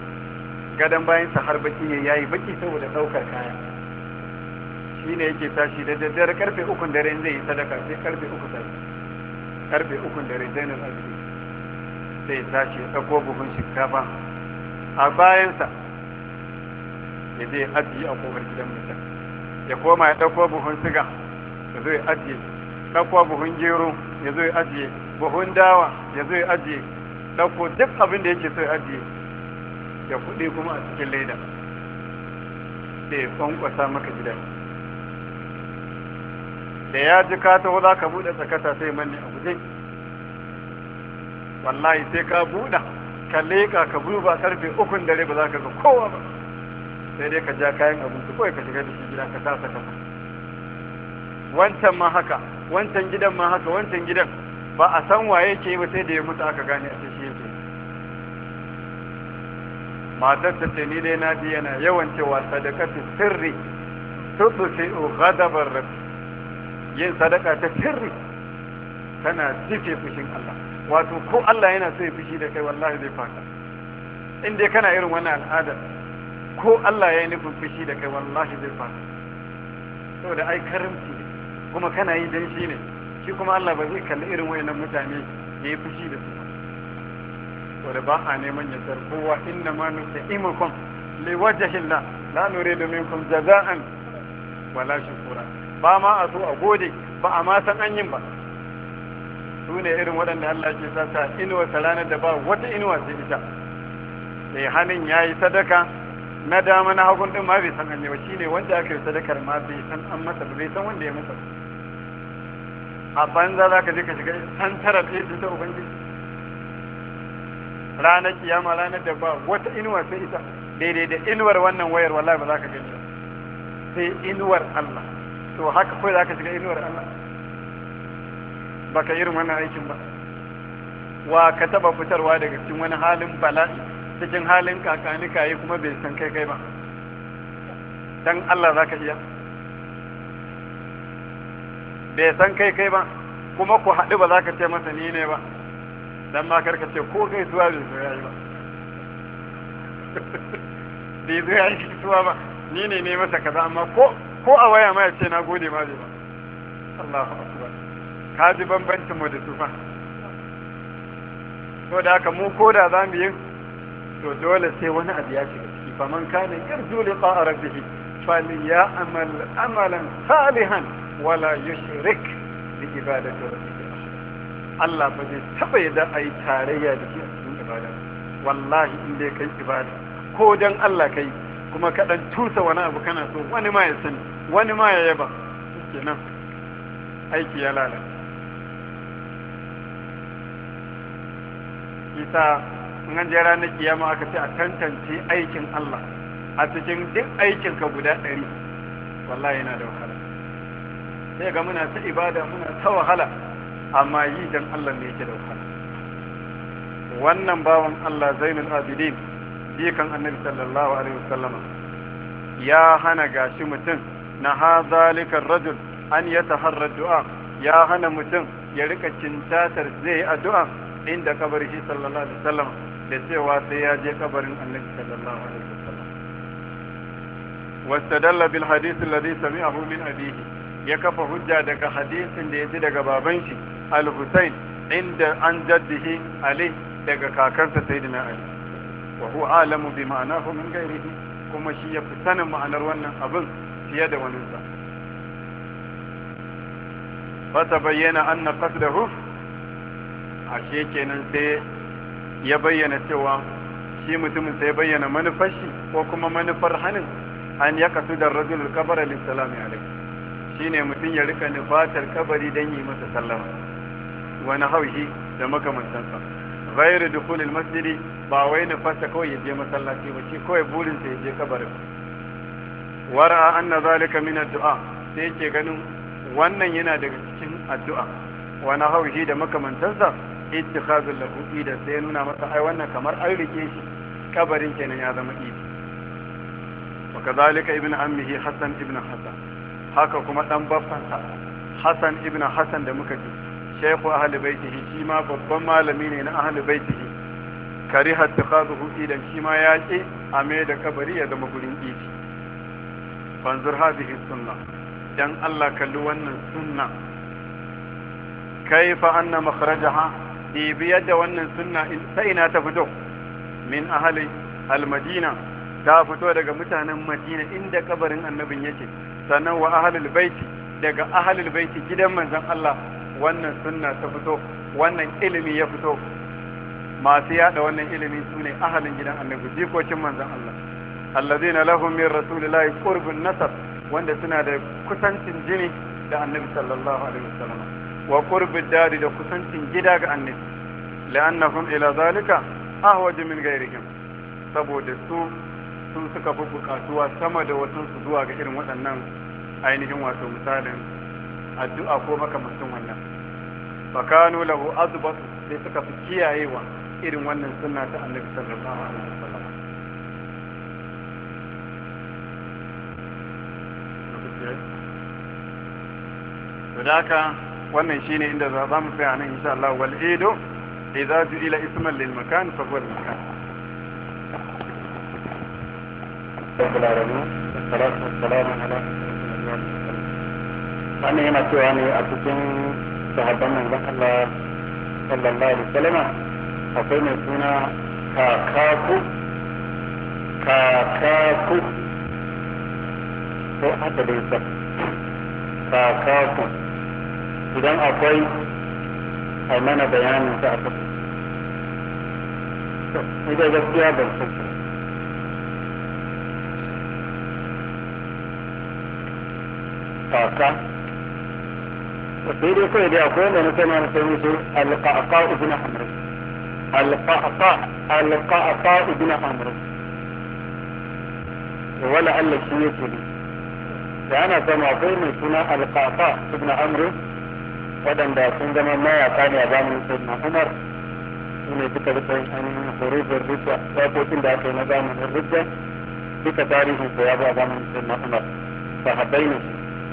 gadon sa har baki ne yayi baki saboda ɗaukar kaya shi ne yake tashi da daddare karfe ukun dare zai yi sadaka sai karfe uku sai karfe ukun dare zainal abidi sai tashi ya ɗauko buhun shinkafa a bayansa ya zai ajiye a kofar gidan mutum ya koma ya ɗauko buhun siga ya zo ya ajiye ɗauko buhun gero ya zo ya ajiye buhun dawa ya zo ya ajiye ɗauko duk abin da yake so ya ajiye da kuɗi kuma a cikin leda da ya kwankwasa maka gida da ya ji ka taho za ka buɗe tsakata sai manne a guje wallahi sai ka buɗa ka leƙa ka duba karfe ukun dare ba za ka ga kowa ba sai dai ka ja kayan abinci kawai ka shiga da shi gida ka sa sakata wancan ma haka wancan gidan ma haka wancan gidan ba a san waye ke ba sai da ya mutu aka gane a shi yake matar ta ce ni dai na ji yana yawan cewa sadakatu sirri o ghadabar rabbi yin sadaka ta sirri tana jife fushin Allah wato ko Allah yana so ya fushi da kai wallahi zai faka in dai kana irin wannan al'ada ko Allah ya yi nufin fushi da kai wallahi zai faka saboda ai karimci kuma kana yi don shi ne shi kuma Allah ba zai kalli irin wayannan mutane ya yi fushi da su to ba a neman yardar kowa inna ma nutaimukum na la domin minkum jaza'an wala shukura ba ma a so a gode ba a ma san an yin ba su ne irin waɗanda Allah ke sassa inuwa ranar da ba wata inuwa sai ita sai hannun ya yi sadaka na dama na hagun ɗin ma bai san an yi ba ne wanda aka yi sadakar ma bai san an masa bai san wanda ya masa a banza za ka je ka shiga santarar ita ta ubangiji ranar kiyama ranar da ba wata inuwa sai ita daidai da inuwar wannan wayar wallahi ba za ka gani sai inuwar Allah to haka kawai za ka shiga inuwar Allah ba ka irin wannan aikin ba wa ka taba fitarwa daga cikin wani halin bala'i cikin halin kakani kayi kuma bai san kai kai ba dan Allah za ka iya bai san kai kai ba kuma ku haɗu ba za ka ce masa ni ne ba dan ma karka ce ko kai zuwa bai zo yayi ba bai zo yayi zuwa ba ni ne ne masa kaza amma ko ko a waya ma ya ce na gode ma bai ba Allahu akbar ka ji bambancin mu da su fa ko da haka mu ko da za mu yi to dole sai wani abu ya shiga ciki man kana yarju liqa rabbihi falyamal amalan salihan wala yushrik bi ibadati rabbih Allah ba zai taba yadda a yi tarayya da ke cikin ibada wallahi in dai kai ibada ko dan Allah kai kuma ka dan tusa wani abu kana so wani ma ya sani wani ma ya yaba kenan aiki ya lalata. isa in an je na kiyama aka ce a tantance aikin Allah a cikin duk aikinka guda ɗari wallahi yana da wahala sai ga muna ta ibada muna ta wahala amma yi don Allah ne yake da wahala wannan bawan Allah Zainul Abidin jikan Annabi sallallahu alaihi wasallama ya hana gashi mutum na ha zalika rajul an yataharra du'a ya hana mutum ya rika cintatar zai addu'a inda kabarin shi sallallahu alaihi wasallam da cewa sai ya je kabarin Annabi sallallahu alaihi wasallam واستدل بالحديث الذي سمعه من أبيه ya kafa hujja daga hadisin da ya ji daga baban shi al-Husayn inda an jaddihi Ali daga kakarsa Sayyidina Ali wa huwa alamu bi ma'anahu min ghairihi kuma shi ya fi sanin ma'anar wannan abin fiye da wani sa fa bayyana anna qasdahu ashe kenan sai ya bayyana cewa shi mutumin sai bayyana manufar shi ko kuma manufar hanin an ya da rajulul kabara lissalami alaihi shine mutum ya rika nufatar kabari don yi masa sallama wani haushi da makamantansa da dukhulil masjidi ba wai nufasa kawai ya je masallaci ba shi kawai burinsa ya je kabarin wara'a na zalika min addu'a sai yake ganin wannan yana daga cikin addu'a wani haushi da makamantansa ita lahu da sai nuna masa ai wannan kamar an rike shi kabarin kenan ya zama idi wa ابن ibnu حسن ابن ibnu haka kuma ɗan baffansa Hassan ibn Hassan da muka ji shaykhu ahli baitihi shi ma babban malami ne na ahli baitihi kariha ittikhadhuhu idan shi ma ya ce a mai da kabari ya zama gurin idi fanzur hadhihi sunna dan Allah kalli wannan sunna kaifa anna makhrajaha bi yadda wannan sunna in sai na ta fito min ahli al-madina ta fito daga mutanen madina inda kabarin annabin yake sannan wa ahlul baiti daga ahlul baiti gidan manzon Allah wannan sunna ta fito wannan ilimi ya fito masu yada wannan ilimin su ne ahalin gidan annabi jikokin manzon Allah allazina lahum min rasulillahi qurbun nasab wanda suna da kusancin jini da annabi sallallahu alaihi wasallam wa qurbud dari da kusancin gida ga annabi la'annahum ila zalika ahwaj min ghairihim saboda su su suka fi bukatuwa sama da wasu su zuwa ga irin waɗannan ainihin wato misalin addu'a ko maka mutum wannan fakanu lahu azbat sai suka fi kiyayewa irin wannan sunna ta annabi sallallahu alaihi wasallam Sadaka wannan shine inda za mu tsaya nan insha Allah wal idu idza ila isman lil makan fa huwa al makan رب العالمين والسلام على yana cewa ne a cikin sahabban manzon Allah sallallahu alaihi akwai mai suna kakaku kakaku ko haka dai sa idan akwai a mana bayanin ta a kasu. Ida gaskiya ban san القعقاع وفي ذلك يقول أنه كان يسميه القعقاع ابن عمرو القعقاع القعقاع ابن عمرو ولعل سميته لي لأن كان يقول أنه كان القعقاع ابن عمرو ودن دا سندما ما يقال يا بامن سيدنا عمر إن يتكى بطريق أن خروج الرجة ويقول دا سيدنا بامن الرجة بكتاريه سيابا بامن سيدنا عمر فهبينه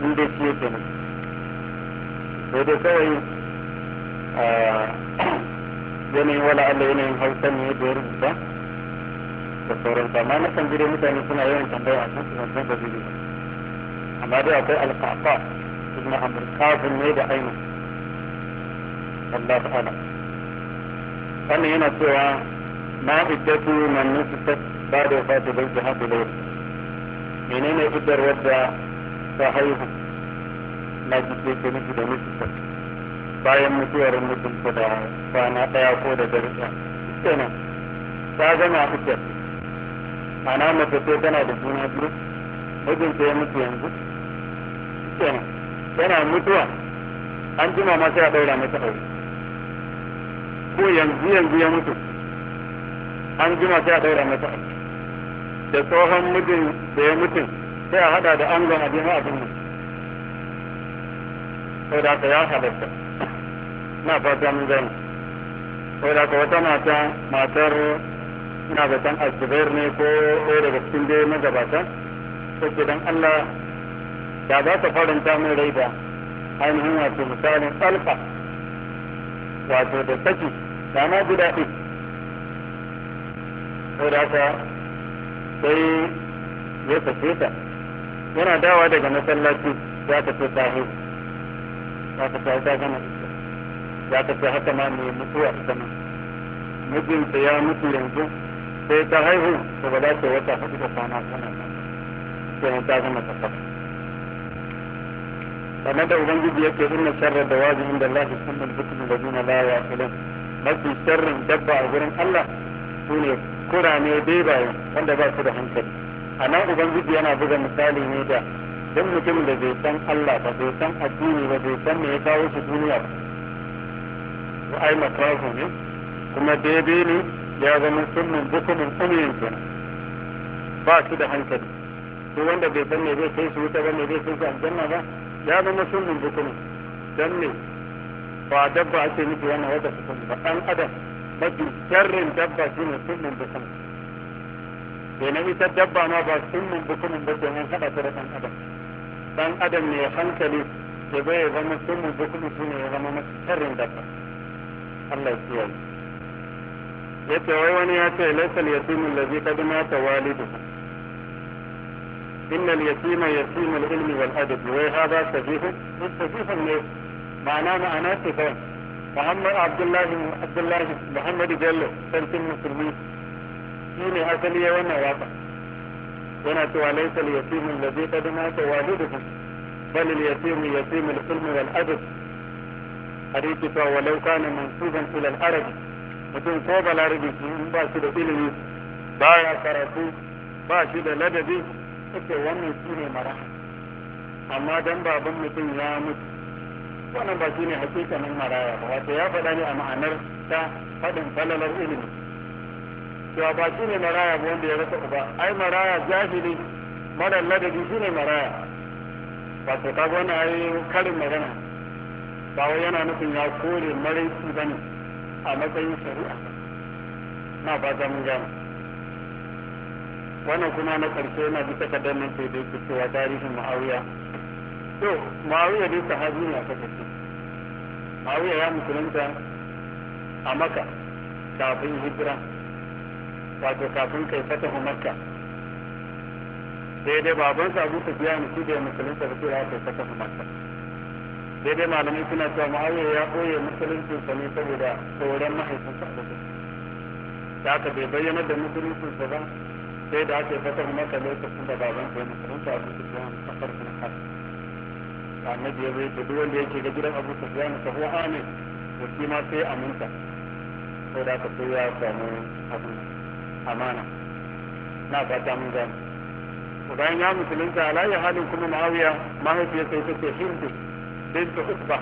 in dai yake sai dai kawai yanayin wala Allah yanayin hausa ne da ya rubuta da sauran amma na kan mutane suna yawan tambaya a kan amma dai akwai ne da Allah ta'ala wannan yana cewa ma iddatu man ba da lauri menene iddar wadda ta haihu na jike ta miki da mijinta bayan mutuwar mijinta da kwana ɗaya ko da darsa kenan ta gama hujjar ana mace ce tana da juna biyu ta ya mutu yanzu kenan tana mutuwa an jima ma sai a ɗaura mata aure ko yanzu yanzu ya mutu an jima sai a ɗaura mata aure da tsohon mijin da ya mutu sai a hada da an a je ma abin nan da ka ya halatta na fata mun gani da ka wata mata matar ina da san azubair ne ko ɗaya daga cikin dai Ko take dan Allah da za ta faranta min rai ba, ainihin wato misalin alfa wato da saki da guda ɗin daɗi da haka sai ya tafi ta yana dawa daga masallaci ya tafi sahu ya tafi sahu ta gama ya tafi haka ma mai mutu a sama mijinta ya mutu yanzu sai ta haihu ta ba za ta wata haɗu da kwana wannan sai ta gama ta kafa sannan da ubangiji yake inna sharra da wazi inda Allah sunnal bukum ladina la yaqilun mafi sharrin dabba a gurin Allah su ne sune kurane bebaye wanda ba su da hankali a nan ubangiji yana buga misali ne da don mutum da bai san Allah ba bai san addini ba bai san me ya kawo shi duniya ba wa ai makrafu ne kuma daidai ne ya zama sunnin bukumin umiyin kenan ba su da hankali duk wanda bai san me zai kai su wuta ba me zai kai su aljanna ba ya zama sunnin bukumin dan ne ba dabba ake nufi wannan wata sukun ba dan adam mafi sharrin dabba shine sunnin bukumin domin ita dabba ma ba sunnan bukumin ba domin haɗa ta da ɗan adam ɗan adam ne hankali ya zo ya zama sunnan bukumin shi ne ya zama masu sharrin dabba Allah ya kiyaye ya ce wai wani ya ce laisal yatimin lazi kad mata walidu inna al-yatima yatimu al-ilmi wal adab wai hada sahihu sahihu ne ma'ana ma'ana ce kawai Muhammad Abdullahi Abdullahi Muhammad Bello sarkin musulmi اليتيم هذا لي وما وضع وانا توليت اليتيم الذي قد مات والده بل اليتيم يتيم الحلم والادب حديث ولو كان منسوبا الى العرب لكن فوق العرب باشد الي بايا كرفو باشد لددي اكي وانا يتيني مرح اما دم باب مثل يامت وانا باشيني حقيقة من مرايا وحتى يا فلاني امانر تا فلن فلل الالمي cewa ba shi ne maraya ba wanda ya rasa uba ai maraya jahili mara ladabi shi ne maraya ba ta kaga wani ai karin magana ba wai yana nufin ya kore maraici ba ne a matsayin shari'a na ba ta mun gano wannan kuma na karshe na bisa kadar nan sai dai cewa tarihin ma'awiya to ma'awiya dai sahabi ne a ce ma'awiya ya musulunta a maka kafin hijira wato kafin kai fatahu makka daidai baban sa abu ta biya mutu da musulunta da cewa kai fatahu makka daidai malamai suna cewa ma'awiya ya koye musulunci sa ne saboda tsoron mahaifinsa a lokacin da aka bai bayyana da musulunci sa ba sai da aka yi fatahu makka lokacin da baban sa ya musulunta abu ta biya mutu a farkon har annabi ya zai da duk wanda yake ga gidan abu ta biya mutu ko amin to shi ma sai aminta sau da aka sai ya samu abin amana na fata mun gani bayan ya musulunta ala ya halin kuma ma'awiya mahaifiyarsa ita ce hindu bint ukba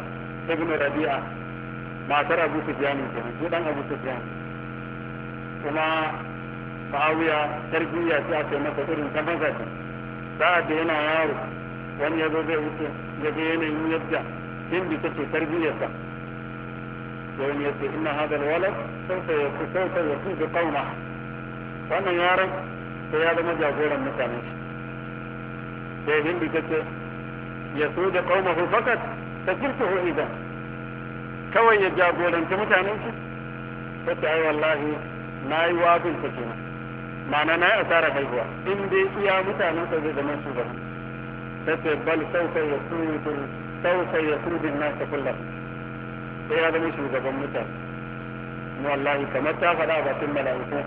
ibn rabi'a matar abu sufyan kenan ko dan abu sufyan kuma ma'awiya tarbiyya sai aka masa irin ta mazaji sa'ad da yana yaro wani ya zo zai wuce ya ga yanayin yadda hindu take tarbiyyarsa sai wani ya ce inna hadal walad sauka ya sauka ya tuzu qauma wannan yaron sai ya zama jagoran mutanen shi sai hindu ta ce ya so da qaumahu fakat takirtuhu idan kawai ya jagoranci mutanen shi ta ce ai wallahi na yi wafin ta kenan ma'ana na yi asarar haihuwa in dai iya mutanen sa zai zama shugaban ta ce bal sauka ya sau sauka ya sudu na ta kullum sai ya zama shugaban mutane wallahi kamar ta faɗa a bakin mala'iku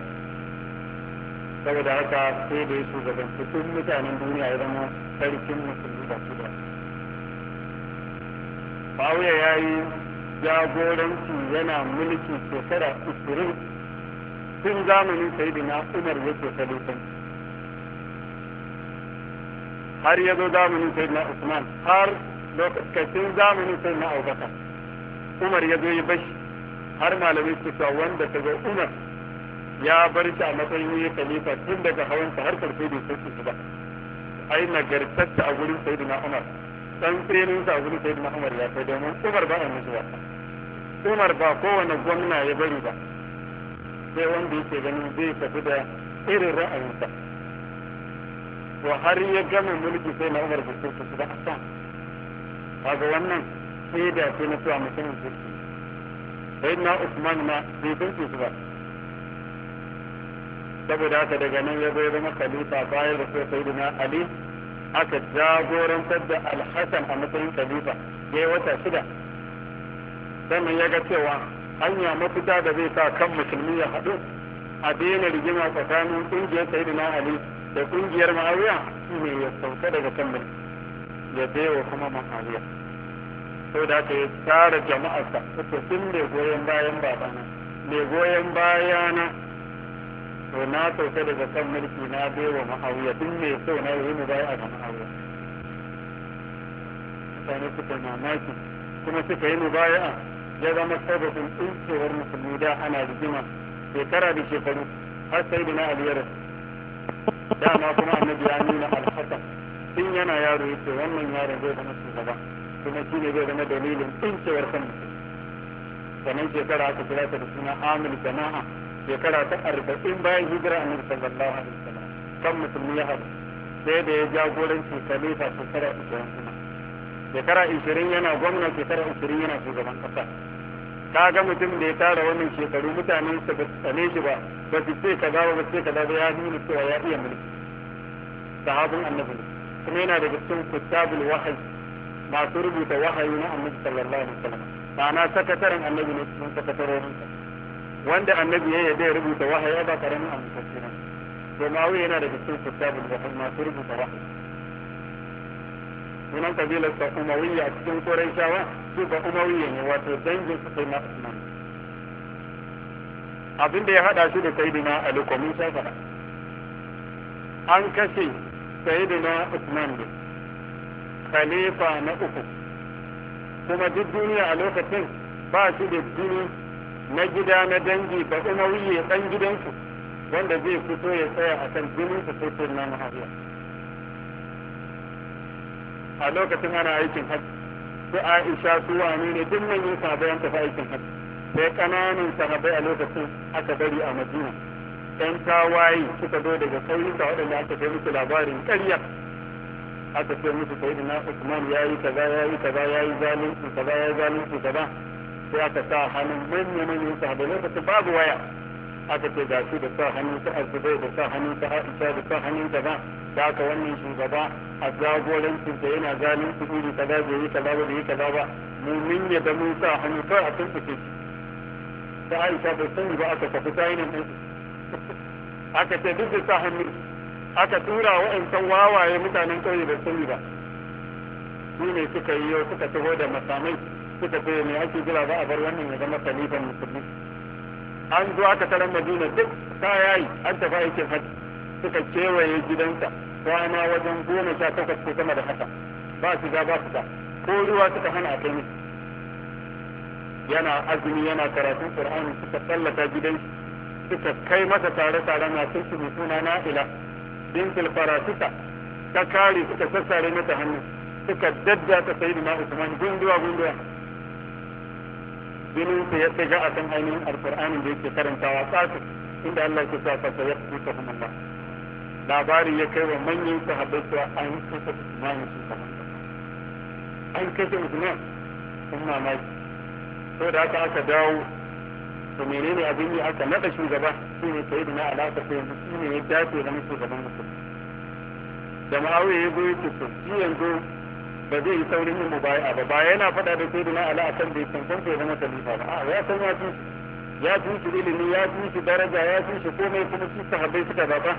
saboda haka sai da ya shugabanci duk mutanen duniya ya zama sarkin musulmi da su da Bawuya ya yi jagoranci yana mulki shekara ishirin tun zamanin sayidina umar yake salisan har ya zo zamanin sayidina usman har lokacin zamanin sayidina abubakar umar ya zo ya bashi har malamai su wanda ta zo umar ya bar shi a matsayin yi kalifa tun daga hawan sa har karfe da sai su ba ai nagartacce a gurin na Umar dan tsirin sa a gurin na Umar ya kai domin Umar ba a musu ba Umar ba kowane gwamna ya bari ba sai wanda yake ganin zai tafi da irin ra'ayinsa to har ya gama mulki sai na Umar ba sai su ba a sa kaga wannan sai da sai na cewa mutumin sai na Usman ma bai san su ba saboda haka daga nan ya zai zama khalifa bayan da sai sayyidina ali aka jagorantar da alhassan a matsayin khalifa ya yi wata shida sannan ya ga cewa hanya mafita da zai sa kan musulmi ya haɗu a daina rigima tsakanin ƙungiyar sayyidina ali da ƙungiyar ma'awiya ne ya sauka daga kan mulki ya baiwa kuma ma'awiya da haka ya tara jama'arsa ta sun ne goyon bayan babana ne goyon bayana to na sauke daga kan mulki na bai wa ma'awiya duk mai so na yi mu bai a ga ma'awiya mutane suka mamaki kuma suka yi mu bai a ya zama sababin tsinkewar musulmi da ana rigima shekara da shekaru har sai da na aliyar dama kuma annabi ya nuna alhassan tun yana yaro yake wannan yaron zai zama shugaba kuma shi ne zai zama dalilin tsinkewar kan musulmi sannan shekara aka kira ta da suna amil jama'a shekara ta arba'in bayan hijira a sallallahu alaihi wasallam kan musulmi ya haɗu sai da ya jagoranci shekara ishirin kuma shekara ishirin yana gwamna shekara ishirin yana shugaban ƙasa ka ga mutum da ya tara wannan shekaru mutanen sa ba su tsane shi ba ba su ce ba ya nuna cewa ya iya mulki sahabin annabi kuma yana daga cikin kutabul wahayi masu rubuta wahayi na annabi sallallahu alaihi wasallam ma'ana sakataren annabi ne cikin sakatarorinsa wanda annabi ya yi ya rubuta wahayi ba karamin a ba to mawu yana da cikin kitabul wahyi masu rubuta wahayi sunan kabilar ta umawiyya cikin shawa su ba umawiyya ne wato dangin su kai na usman abin da ya hada shi da sayidina ali ko mun shafa an kashe sayidina usman ne khalifa na uku kuma duk duniya a lokacin ba shi da jini na gida na dangi ba na wuye ɗan gidansu wanda zai fito ya tsaya a kan jinin su sai na muhawiya a lokacin ana aikin hajji su aisha su wani ne duk manyan sahabai an tafi aikin hajji sai ƙananan sahabai a lokacin aka bari a madina ɗan tawaye suka zo daga kauyuka waɗanda aka kai musu labarin ƙarya aka ce musu sai na usman ya yi kaza ya yi kaza ya yi zalunci kaza ya yi zalunci kaza sai aka sa hannun manyan manyan sahabbai lokacin babu waya aka ce ga shi da sa hannun sa azubai da sa hannun sa aisha da sa hannun da ba da aka wannan shugaba a jagorancin da yana ganin su iri kaza bai yi kaza ba bai yi kaza ba mu min da mun sa hannu kawai a tun fice ta aisha bai sani ba aka tafi zainin din aka ce duk da sa hannu aka tura wa'ancan wawaye mutanen kauye da sani ba su ne suka yi yau suka taho da masamai suka ce me ake jira za a bar wannan ya zama khalifan musulmi an zo aka tarar madina duk ta yayi an tafi aikin hajji suka kewaye gidansa kwana wajen goma sha takwas ko sama da haka ba su ga ba su ga ko ruwa suka hana a kai yana azumi yana karatun qur'ani suka tsallata gidan suka kai masa tare tare na sun su suna na ila din farasuka ta kare suka sassare mata hannu suka daddata sayyidina usman gunduwa gunduwa jinin su ya tsaga a kan ainihin alqur'anin da yake karantawa tsaka inda Allah ya sa fasa ya kuta kuma Allah labarin ya kai wa manyan sahabbai cewa an kasa Usman su kuma an kasa Usman sun mamaki. sau da aka aka dawo to menene abin yi aka naɗa shugaba shine na alaƙa sai yanzu shine ya dace da musu gaban musulmi da ma'awiya ya zo ya ce to yanzu ba zai yi saurin yin mubaya ba ba yana faɗa da sai dina ala akan bai san ya zama khalifa ba a ya san ya fi ya fi shi ilimi ya fi shi daraja ya fi shi komai kuma su sahabbai suka zaba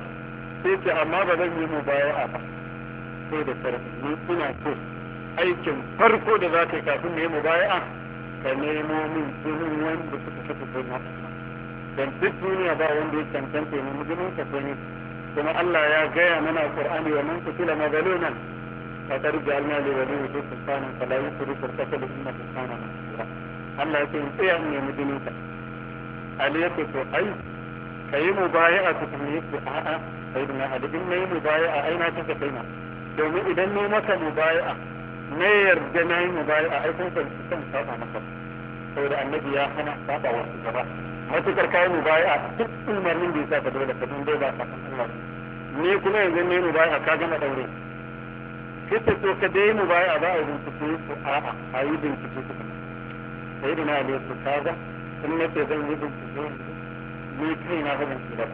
sai ce amma ba zan yi mubaya ba sai da sarfi ni ina so aikin farko da za ka yi kafin yi mubaya ka nemo min jinin wanda suka kafa da na dan duk duniya ba wanda ya cancanta ne nemi jinin ka sani kuma Allah ya gaya mana Qur'ani wa man kutila madaluna da فقد جعلنا لوليه سلطانا فلا يخرج القتل إن سلطانا منصورا Allah ya ce in tsaya mu nemi ka. Ali ya ce to ai ka yi mu baya a cikin yake a'a sai da Ali in na yi mu baya a aina ta ka kaina domin idan ne maka mu baya a. na yarda na yi mu baya a aikun kan kan saba maka saboda annabi ya hana saba wa gaba matukar kai mu baya a duk umarnin da ya sa ka dole ka dole ba ka Allah ne kuma yanzu ne mu baya ka gama daure yadda so ka dai mu baya ba a bincike su a'a a yi bincike ku sai yi na ne su kaga in na ce zan yi bincike ni kai na ba bincike ba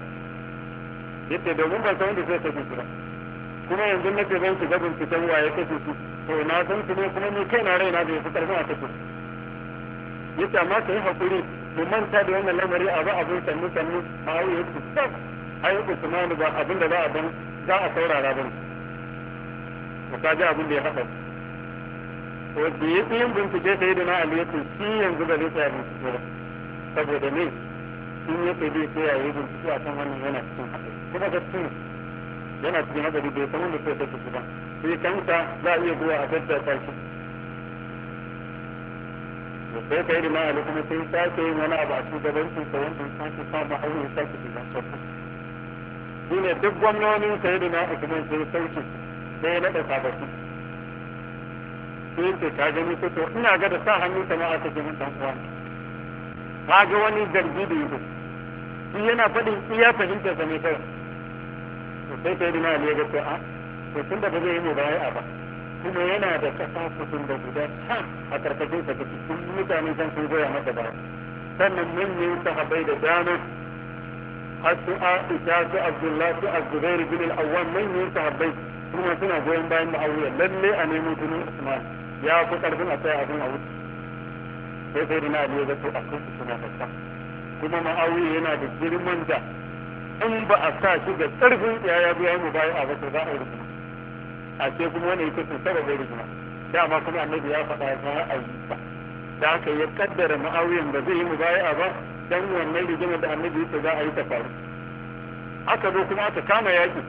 yadda domin ban san da zai ka bincike ba kuma yanzu na ce zan shiga binciken waye kake su to na san su ne kuma ni kai na raina bai fi karfin a kake ce amma ka yi hakuri mu manta da wannan lamari a ba abin sannu sannu a yi yadda ai Usmanu ba abin da za a ban za a saurara ba ne to ka ji abin da ya haɗa to da ya fi yin bincike sai da na aliyu shi yanzu da zai tsaya bincike ba saboda ne in ya ce sai ya yi bincike a kan wannan yana cikin haɗari kuma ga cikin yana cikin haɗari bai san wanda sai ta ciki ba sai kanka za a iya zuwa a tattata shi da sai kai da na aliyu kuma sai sake yin wani abu a cikin shugabancin sa wanda ya sake samu aure ya sake shugabancin shi ne duk gwamnonin sai da na aliyu sai sauki sai ya naɗa sababbi sai ce ta gani ko to ina ga da sa hannu ta ma aka ji dan uwa ka ga wani zargi da yake shi yana faɗin iya fahimtar sa ne kawai to sai sai dina ne ga to a to tun da ba zai yi mu baya ba kuma yana da kasa kusur da guda can a karkashin sa take kun mutane can sun goya masa baya. sannan manyan sahabbai da dama har su isa su Abdullahi su Azubair bin al-Awwam manyan sahabbai kuma suna goyon bayan ma'auriyar lalle a nemo tuni usman ya fi karfin a tsaya abin a wuce sai sai dina ali ya zato a kan suna fasta kuma ma'auya yana da girman da in ba a sa shi da karfin yaya biya mu baya a wata za a yi rukuna a ce kuma wani ita sun saba bai rukuna dama kuma annabi ya faɗa ya a yi ba da aka yi kaddara ma'auriyar da zai yi mu baya ba dan wannan rigimar da annabi ya ce za a yi ta faru aka zo kuma aka kama yakin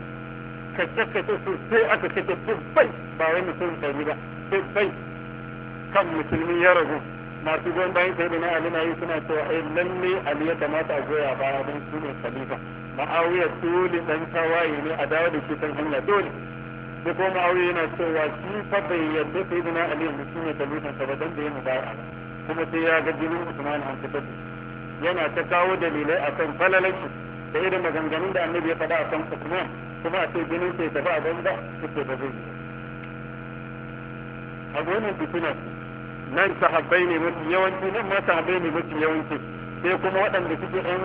kace-kace sosai aka kace dubbai ba wai mutum sami ba dubbai kan musulmi ya ragu masu goyon bayan sai da na ali na yi suna cewa ai lalle ali ya kamata a goya baya don su ne khalifa ma'awiya dole dan tawaye ne a dawo da shi kan hanya dole da kuma ma'awiya yana cewa shi fa bai yadda sai da na ali yanzu shi ne khalifan sa ba dan da ya mubaya kuma sai ya ga jinin usman an fitar yana ta kawo dalilai akan falalaci da irin maganganun da annabi ya faɗa akan usman kuma a ce jinin sai tafi a banza suke ba zai a gonin fitina nan sahabbai ne mafi yawanci nan ma sahabbai ne mafi yawanci sai kuma waɗanda suke ɗan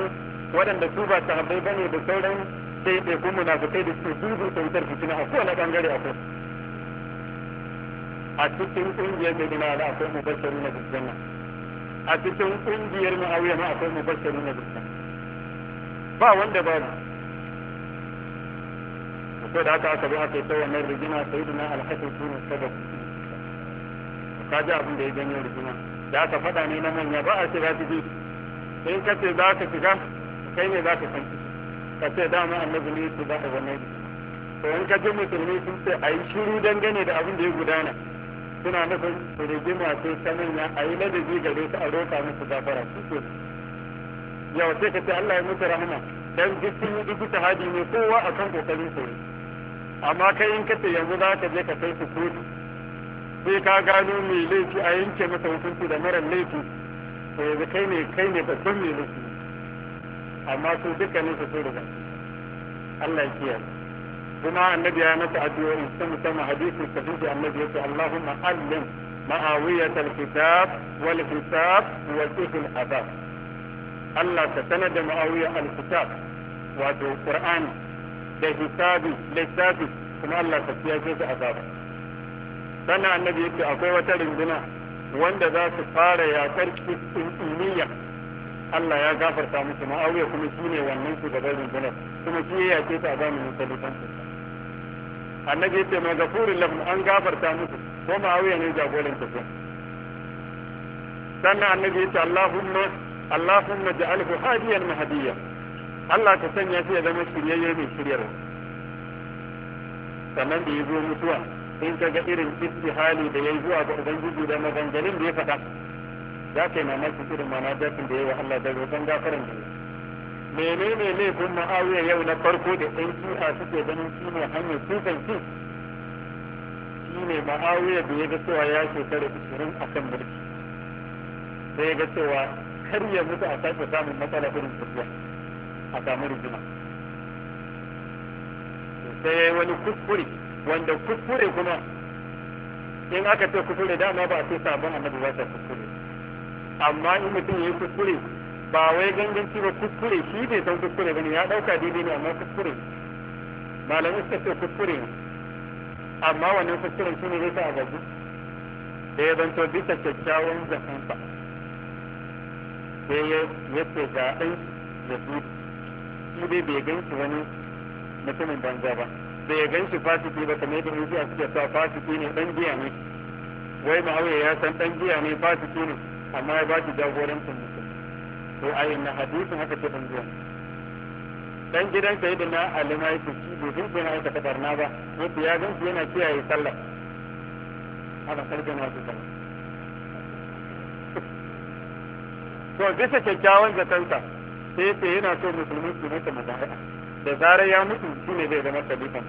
waɗanda su ba sahabbai ba ne da sauran sai ɗai kuma na munafukai da suke zuzu ta fitina a kowane ɓangare a kai a cikin ƙungiyar da dina da akwai mubashirin na bisjanna a cikin ƙungiyar ma'awiya ma akwai mubashirin na bisjanna ba wanda ba ne ko da haka aka bi aka yi ta wannan rigima sayyidina alhasan sunan sabab ka ji abin da ya janyo rigina da aka faɗa ne na manya ba a ce za su ji in ka ce za ka shiga kai ne za ka san ka ce dama annabi ne su ba ka wannan to in ka ji musulmi sun ce a yi shiru dangane da abin da ya gudana suna nufin rigima ce ta manya a yi ladabi gare su a roƙa musu gafara su ce yau sai ka ce Allah ya mutu rahama dan duk sun yi duk hadi ne kowa kan kokarin sai amma kai in kace yanzu za ka je ka kai su kotu sai ka gano mai laifi a yanke masa hukunci da mara laifi to yanzu kai ne kai ne batun mai laifi amma su duka ne su so da Allah ya kiyar kuma annabi ya mata addu'o'i ta musamman ka dubi annabi ya ce Allahumma allim ma'awiyat al-kitab wal kitab wa sihil adab Allah ka sanar da ma'awiyat al-kitab wato Qur'ani da hisabi lissafi kuma Allah ka kiyaye su azaba sannan annabi yake akwai wata rinduna wanda za su fara yakar kimiyya Allah ya gafarta musu ma ma'awiya kuma shi ne wannan shugaban rundunar kuma shi ya yake ta a zamanin salifansu annabi yace mai gafurin lahum an gafarta musu ko ma ma'awiya ne jagoran tafiya sannan annabi yace Allahumma Allahumma ja'alhu hadiyan mahdiya Allah ka sanya shi ya zama shiryayye mai shiryarwa sannan da ya zo mutuwa in ka ga irin hali da ya yi zuwa ga ubangiji da maganganun da ya faɗa za ka yi mamaki irin mana dafin da ya yi wa Allah da roƙon gafaran da menene laifin ma'awiyar yau na farko da ɗan shi'a suke ganin shi ne hanyar tukan shi shi ne ma'awiyar da ya ga cewa ya shekara ishirin a kan mulki sai ya ga cewa kar ya mutu a sake samun matsala irin tafiya a samu rigima sai wani kuskure wanda kuskure kuma in aka ce kuskure dama ba a ce sabon annabi ba ta kuskure amma in mutum ya yi kuskure ba wai ganganci ba kuskure shi bai san kuskure ba ne ya ɗauka daidai ne amma kuskure malamai suka ce kuskure ne amma wannan kuskuren shi ne zai sa a gaji da ya zanto bisa kyakkyawan zafansa sai ya ce ga ɗan da su shi dai bai gan su wani mutumin banza ba bai gan shi fasiki ba kamar yadda musu a suke sa fasiki ne dan giya ne wai ma'auya ya san dan giya ne fasiki ne amma ya ba shi jagorancin mutum to yin na hadisin haka ce dan giya dan gidan sai da na alima yake shi bai san sai na aikata barna ba yadda ya gan shi yana kiyaye sallah ana na wasu sallah to bisa kyakkyawan zakansa sai ce yana so musulmi su masa mubaya'a da zarar ya mutu shi ne zai zama khalifa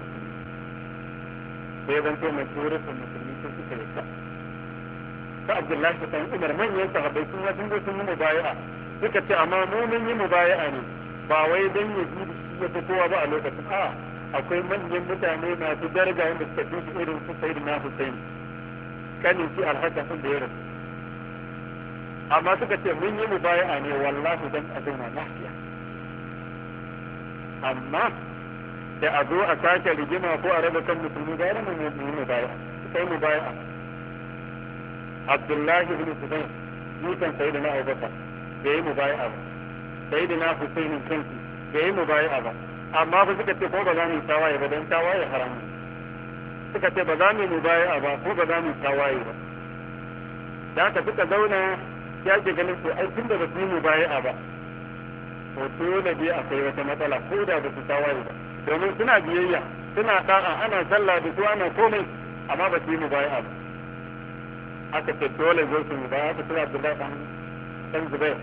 sai zan to mai tsoron musulmi sun suka yi ta ta abdullahi ta umar manyan sahabbai sun ya sun zo sun yi mubaya'a suka ce amma mu mun yi mubaya'a ne ba wai dan ya ji shi ya fi kowa ba a lokacin a akwai manyan mutane masu daraja wanda suka fi su irin su sayyidina Hussein kanin shi alhaka sun da ya rasu amma suka ce mun yi mu baya ne wallahi dan a zauna lafiya amma da a zo a sake rigima ko a raba kan musulmi ga yana mun yi mu baya sai mu baya Abdullahi bin sudan dukan sai da na Abubakar da yi mu baya ba sai da na Husainin kanki da yi mu baya ba amma ba suka ce ko ba za mu tawaye ba dan tawaye haramun suka ce ba za mu mu baya ba ko ba za mu tawaye ba da haka suka zauna yake ganin to ai tunda ba su yi mubaya'a ba to dole dai akwai wata matsala ko da ba su tawaye ba domin suna biyayya suna da'a ana sallah da su ana komai amma ba su yi mubaya'a ba aka ce dole zai su mu mubaya'a ba suna zubar dan dan zubar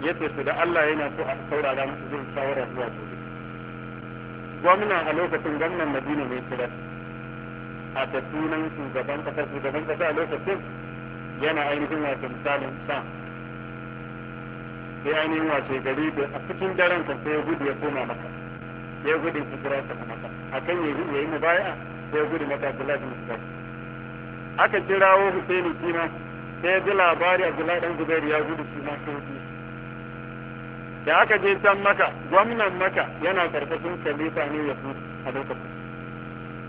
yace su da Allah yana so a saurara musu zai shawara zuwa gobe gwamna a lokacin gwamnan Madina mai kira a tattunan shugaban kasar shugaban kasa a lokacin yana ainihin wato misalin sa sai ainihin wato gari da a cikin daren kan sai ya gudu ya koma maka ya gudu ya kira ta maka akan ya yi mubaya sai ya gudu maka Abdullahi bin Zubair aka kirawo Husaini kima sai ya ji labari Abdullahi dan Zubair ya gudu shi ma sai da aka je can maka gwamnan maka yana karkashin kalifa ne ya a lokacin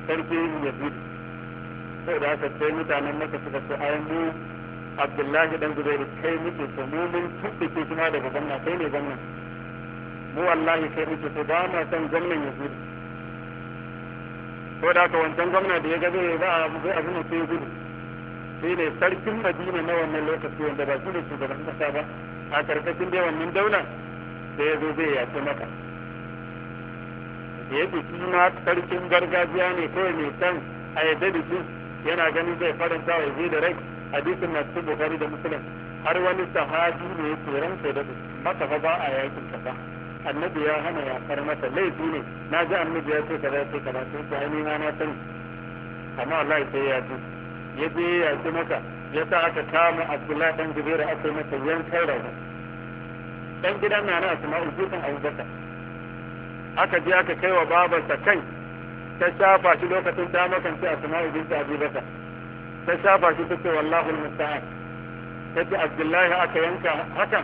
sarki ya fi sai da aka sai mutanen maka suka ce ayyuka abdullahi dan zubair kai muke so mu mun tuddake shi ma daga gwamna kai ne gwamna mu wallahi kai muke so ba ma san gwamnan ya gudu ko da ka wancan gwamna da ya gabe ya ba a zai abin sai gudu shi ne sarkin madina na wannan lokaci wanda ba shi ne shugaban kasa ba a karkashin da wannan daula da ya zo zai yace maka da ce shi ma sarkin gargajiya ne kawai mai san a yadda da shi yana ganin zai faranta wa je da rai hadisin na cikin bukari da musulun har wani sahabi ne ya tsoron sai da masa fa ba a yakin kafa annabi ya hana ya far masa laifi ne na ji annabi ya ce kaza ce kaza sai ta ni na sani amma Allah sai ya ji ya je ya ce masa ya sa aka kama abdullahi dan zubaira a yi masa yankan rawa dan gidan na na asma'u jikan abubakar aka je aka kai wa babarsa kai ta shafa shi lokacin ta makance asma'u binta abubakar ta shafa shi ta ce wallahu musta'an ta abdullahi aka yanka hakan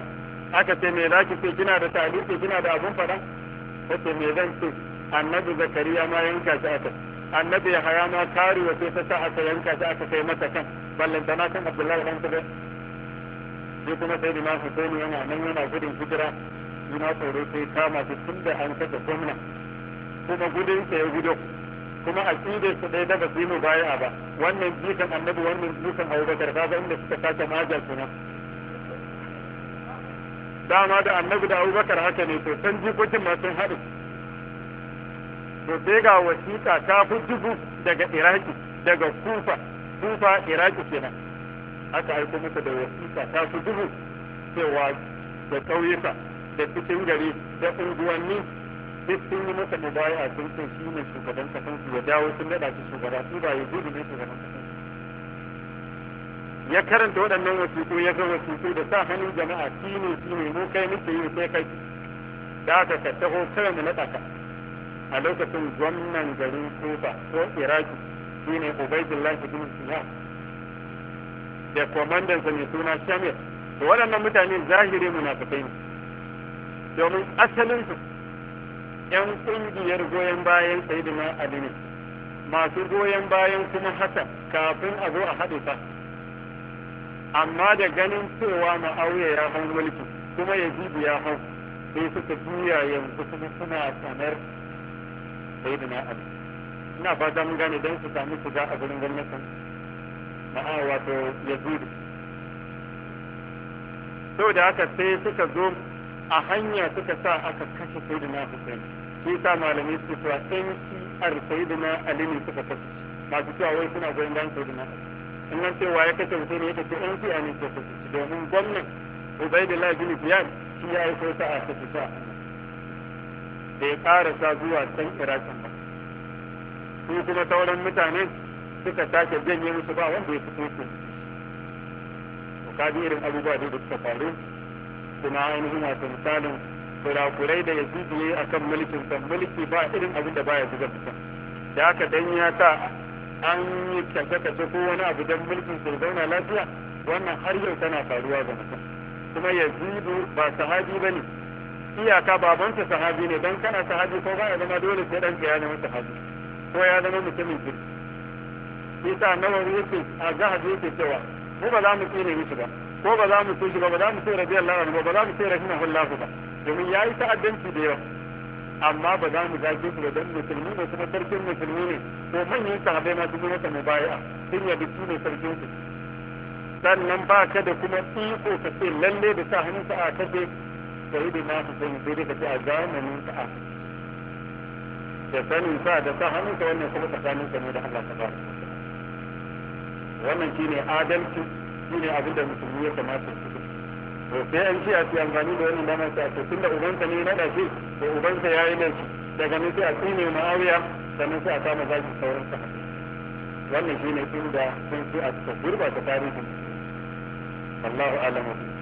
aka ce me zaki ce kina da talibi kina da abun faɗa ta ce me zan ce annabi zakariya ma yanka shi aka annabi yahaya ma kari wa sai ta sa aka yanka shi aka kai mata kan ballan na kan abdullahi dan kudu sai kuma sai da masu sai yana nan yana gudun hijira yana tsoro sai kama shi tun da an kasa gwamna kuma gudun sai ya gudu kuma a kide su dai daga su yi baya ba wannan jikan annabi wannan jikan abubakar kaga inda suka sace majal suna dama da annabi da abubakar haka ne to san jikokin ma sun haɗu to sai ga wasiƙa ta fi dubu daga iraki daga kufa kufa iraki kenan aka aiko musu da wasiƙa ta fi dubu cewa da ƙauyuka da cikin gari da unguwanni duk sun yi masa mubaya sun ce shi ne shugaban kasan su ya dawo sun naɗa shi shugaba su ba ya gudu ne shugaban kasan ya karanta waɗannan wasiƙu ya ga wasiƙu da sa hannun jama'a shi ne shi ne mu kai muke yi sai kai da aka ka taho kawai mu naɗa ka a lokacin gwamnan garin kofa ko iraki shi ne ubaidullahi bin siya da kwamandansa mai suna shamir da waɗannan mutane zahiri munafukai ne domin asalin su 'yan ƙungiyar goyon bayan Sayyidina Ali ne masu goyon bayan kuma Hassan kafin a zo a haɗe ta amma da ganin cewa ma'auya ya hau mulki kuma yazidu ya hau sai suka juya yanzu kuma suna sanar Sayyidina Ali ina ba mun gane don su sami shiga a gurin gwamnatin ma'a wato sau da haka sai suka zo a hanya suka sa aka kashe sayyidina Hussein shi sa malamai su cewa sun arsai da na alini suka kasu masu cewa wai suna goyon bayan sai da na in an cewa ya kashe mutum ya tafi ɗan fiya ne ke kasu domin gwamnan ubaidullahi bin biyan shi ya yi ta a kasu sa. da ya sa zuwa can irakin ba su kuma sauran mutane suka sake janye musu ba wanda ya fito su ka irin abubuwa da suka faru kuma ainihin kan misalin kurakurai da yazidu a kan mulkin sa mulki ba irin abin da baya zuga mutum da haka dan ya sa an yi kace kace ko wani abu don mulkin sa zauna lafiya wannan har yau tana faruwa ga mutum kuma yazidu ba sahabi ba ne iyaka babansa sahabi ne dan kana sahabi ko ba ya zama dole sai dan ya zama sahabi ko ya zama mutumin kirki shi sa nawawi yake a zahabi yake cewa mu ba za mu tsire mishi ba ko ba za mu so shi ba ba za mu so radiyallahu lalata ba ba za mu so rahimahullahu ba domin ya yi ta'addanci da yawa amma ba za mu zage su da dan musulmi ne kuma sarkin musulmi ne ko manyan sahabbai ma sun mata mubaya sun yabi su ne sarkin su sannan ba ka da kuma iko ka ce lalle da sa hannunsa a kaje yi da na su sai sai da ka ce a zamanin sa da sanin sa da sa hannunsa wannan kuma tsakanin sa ne da Allah ta ba wannan shine adalci shine abin da musulmi ya kamata su sai an ce a fi amfani da wani damar sa to tunda ubansa ne na dace to ubansa ya yi laifi daga nan sai a tsine ma'awiya sannan sai a kama zaki sauran sa wannan shine inda sun ce a tafsir ba ta tarihi Allahu a'lamu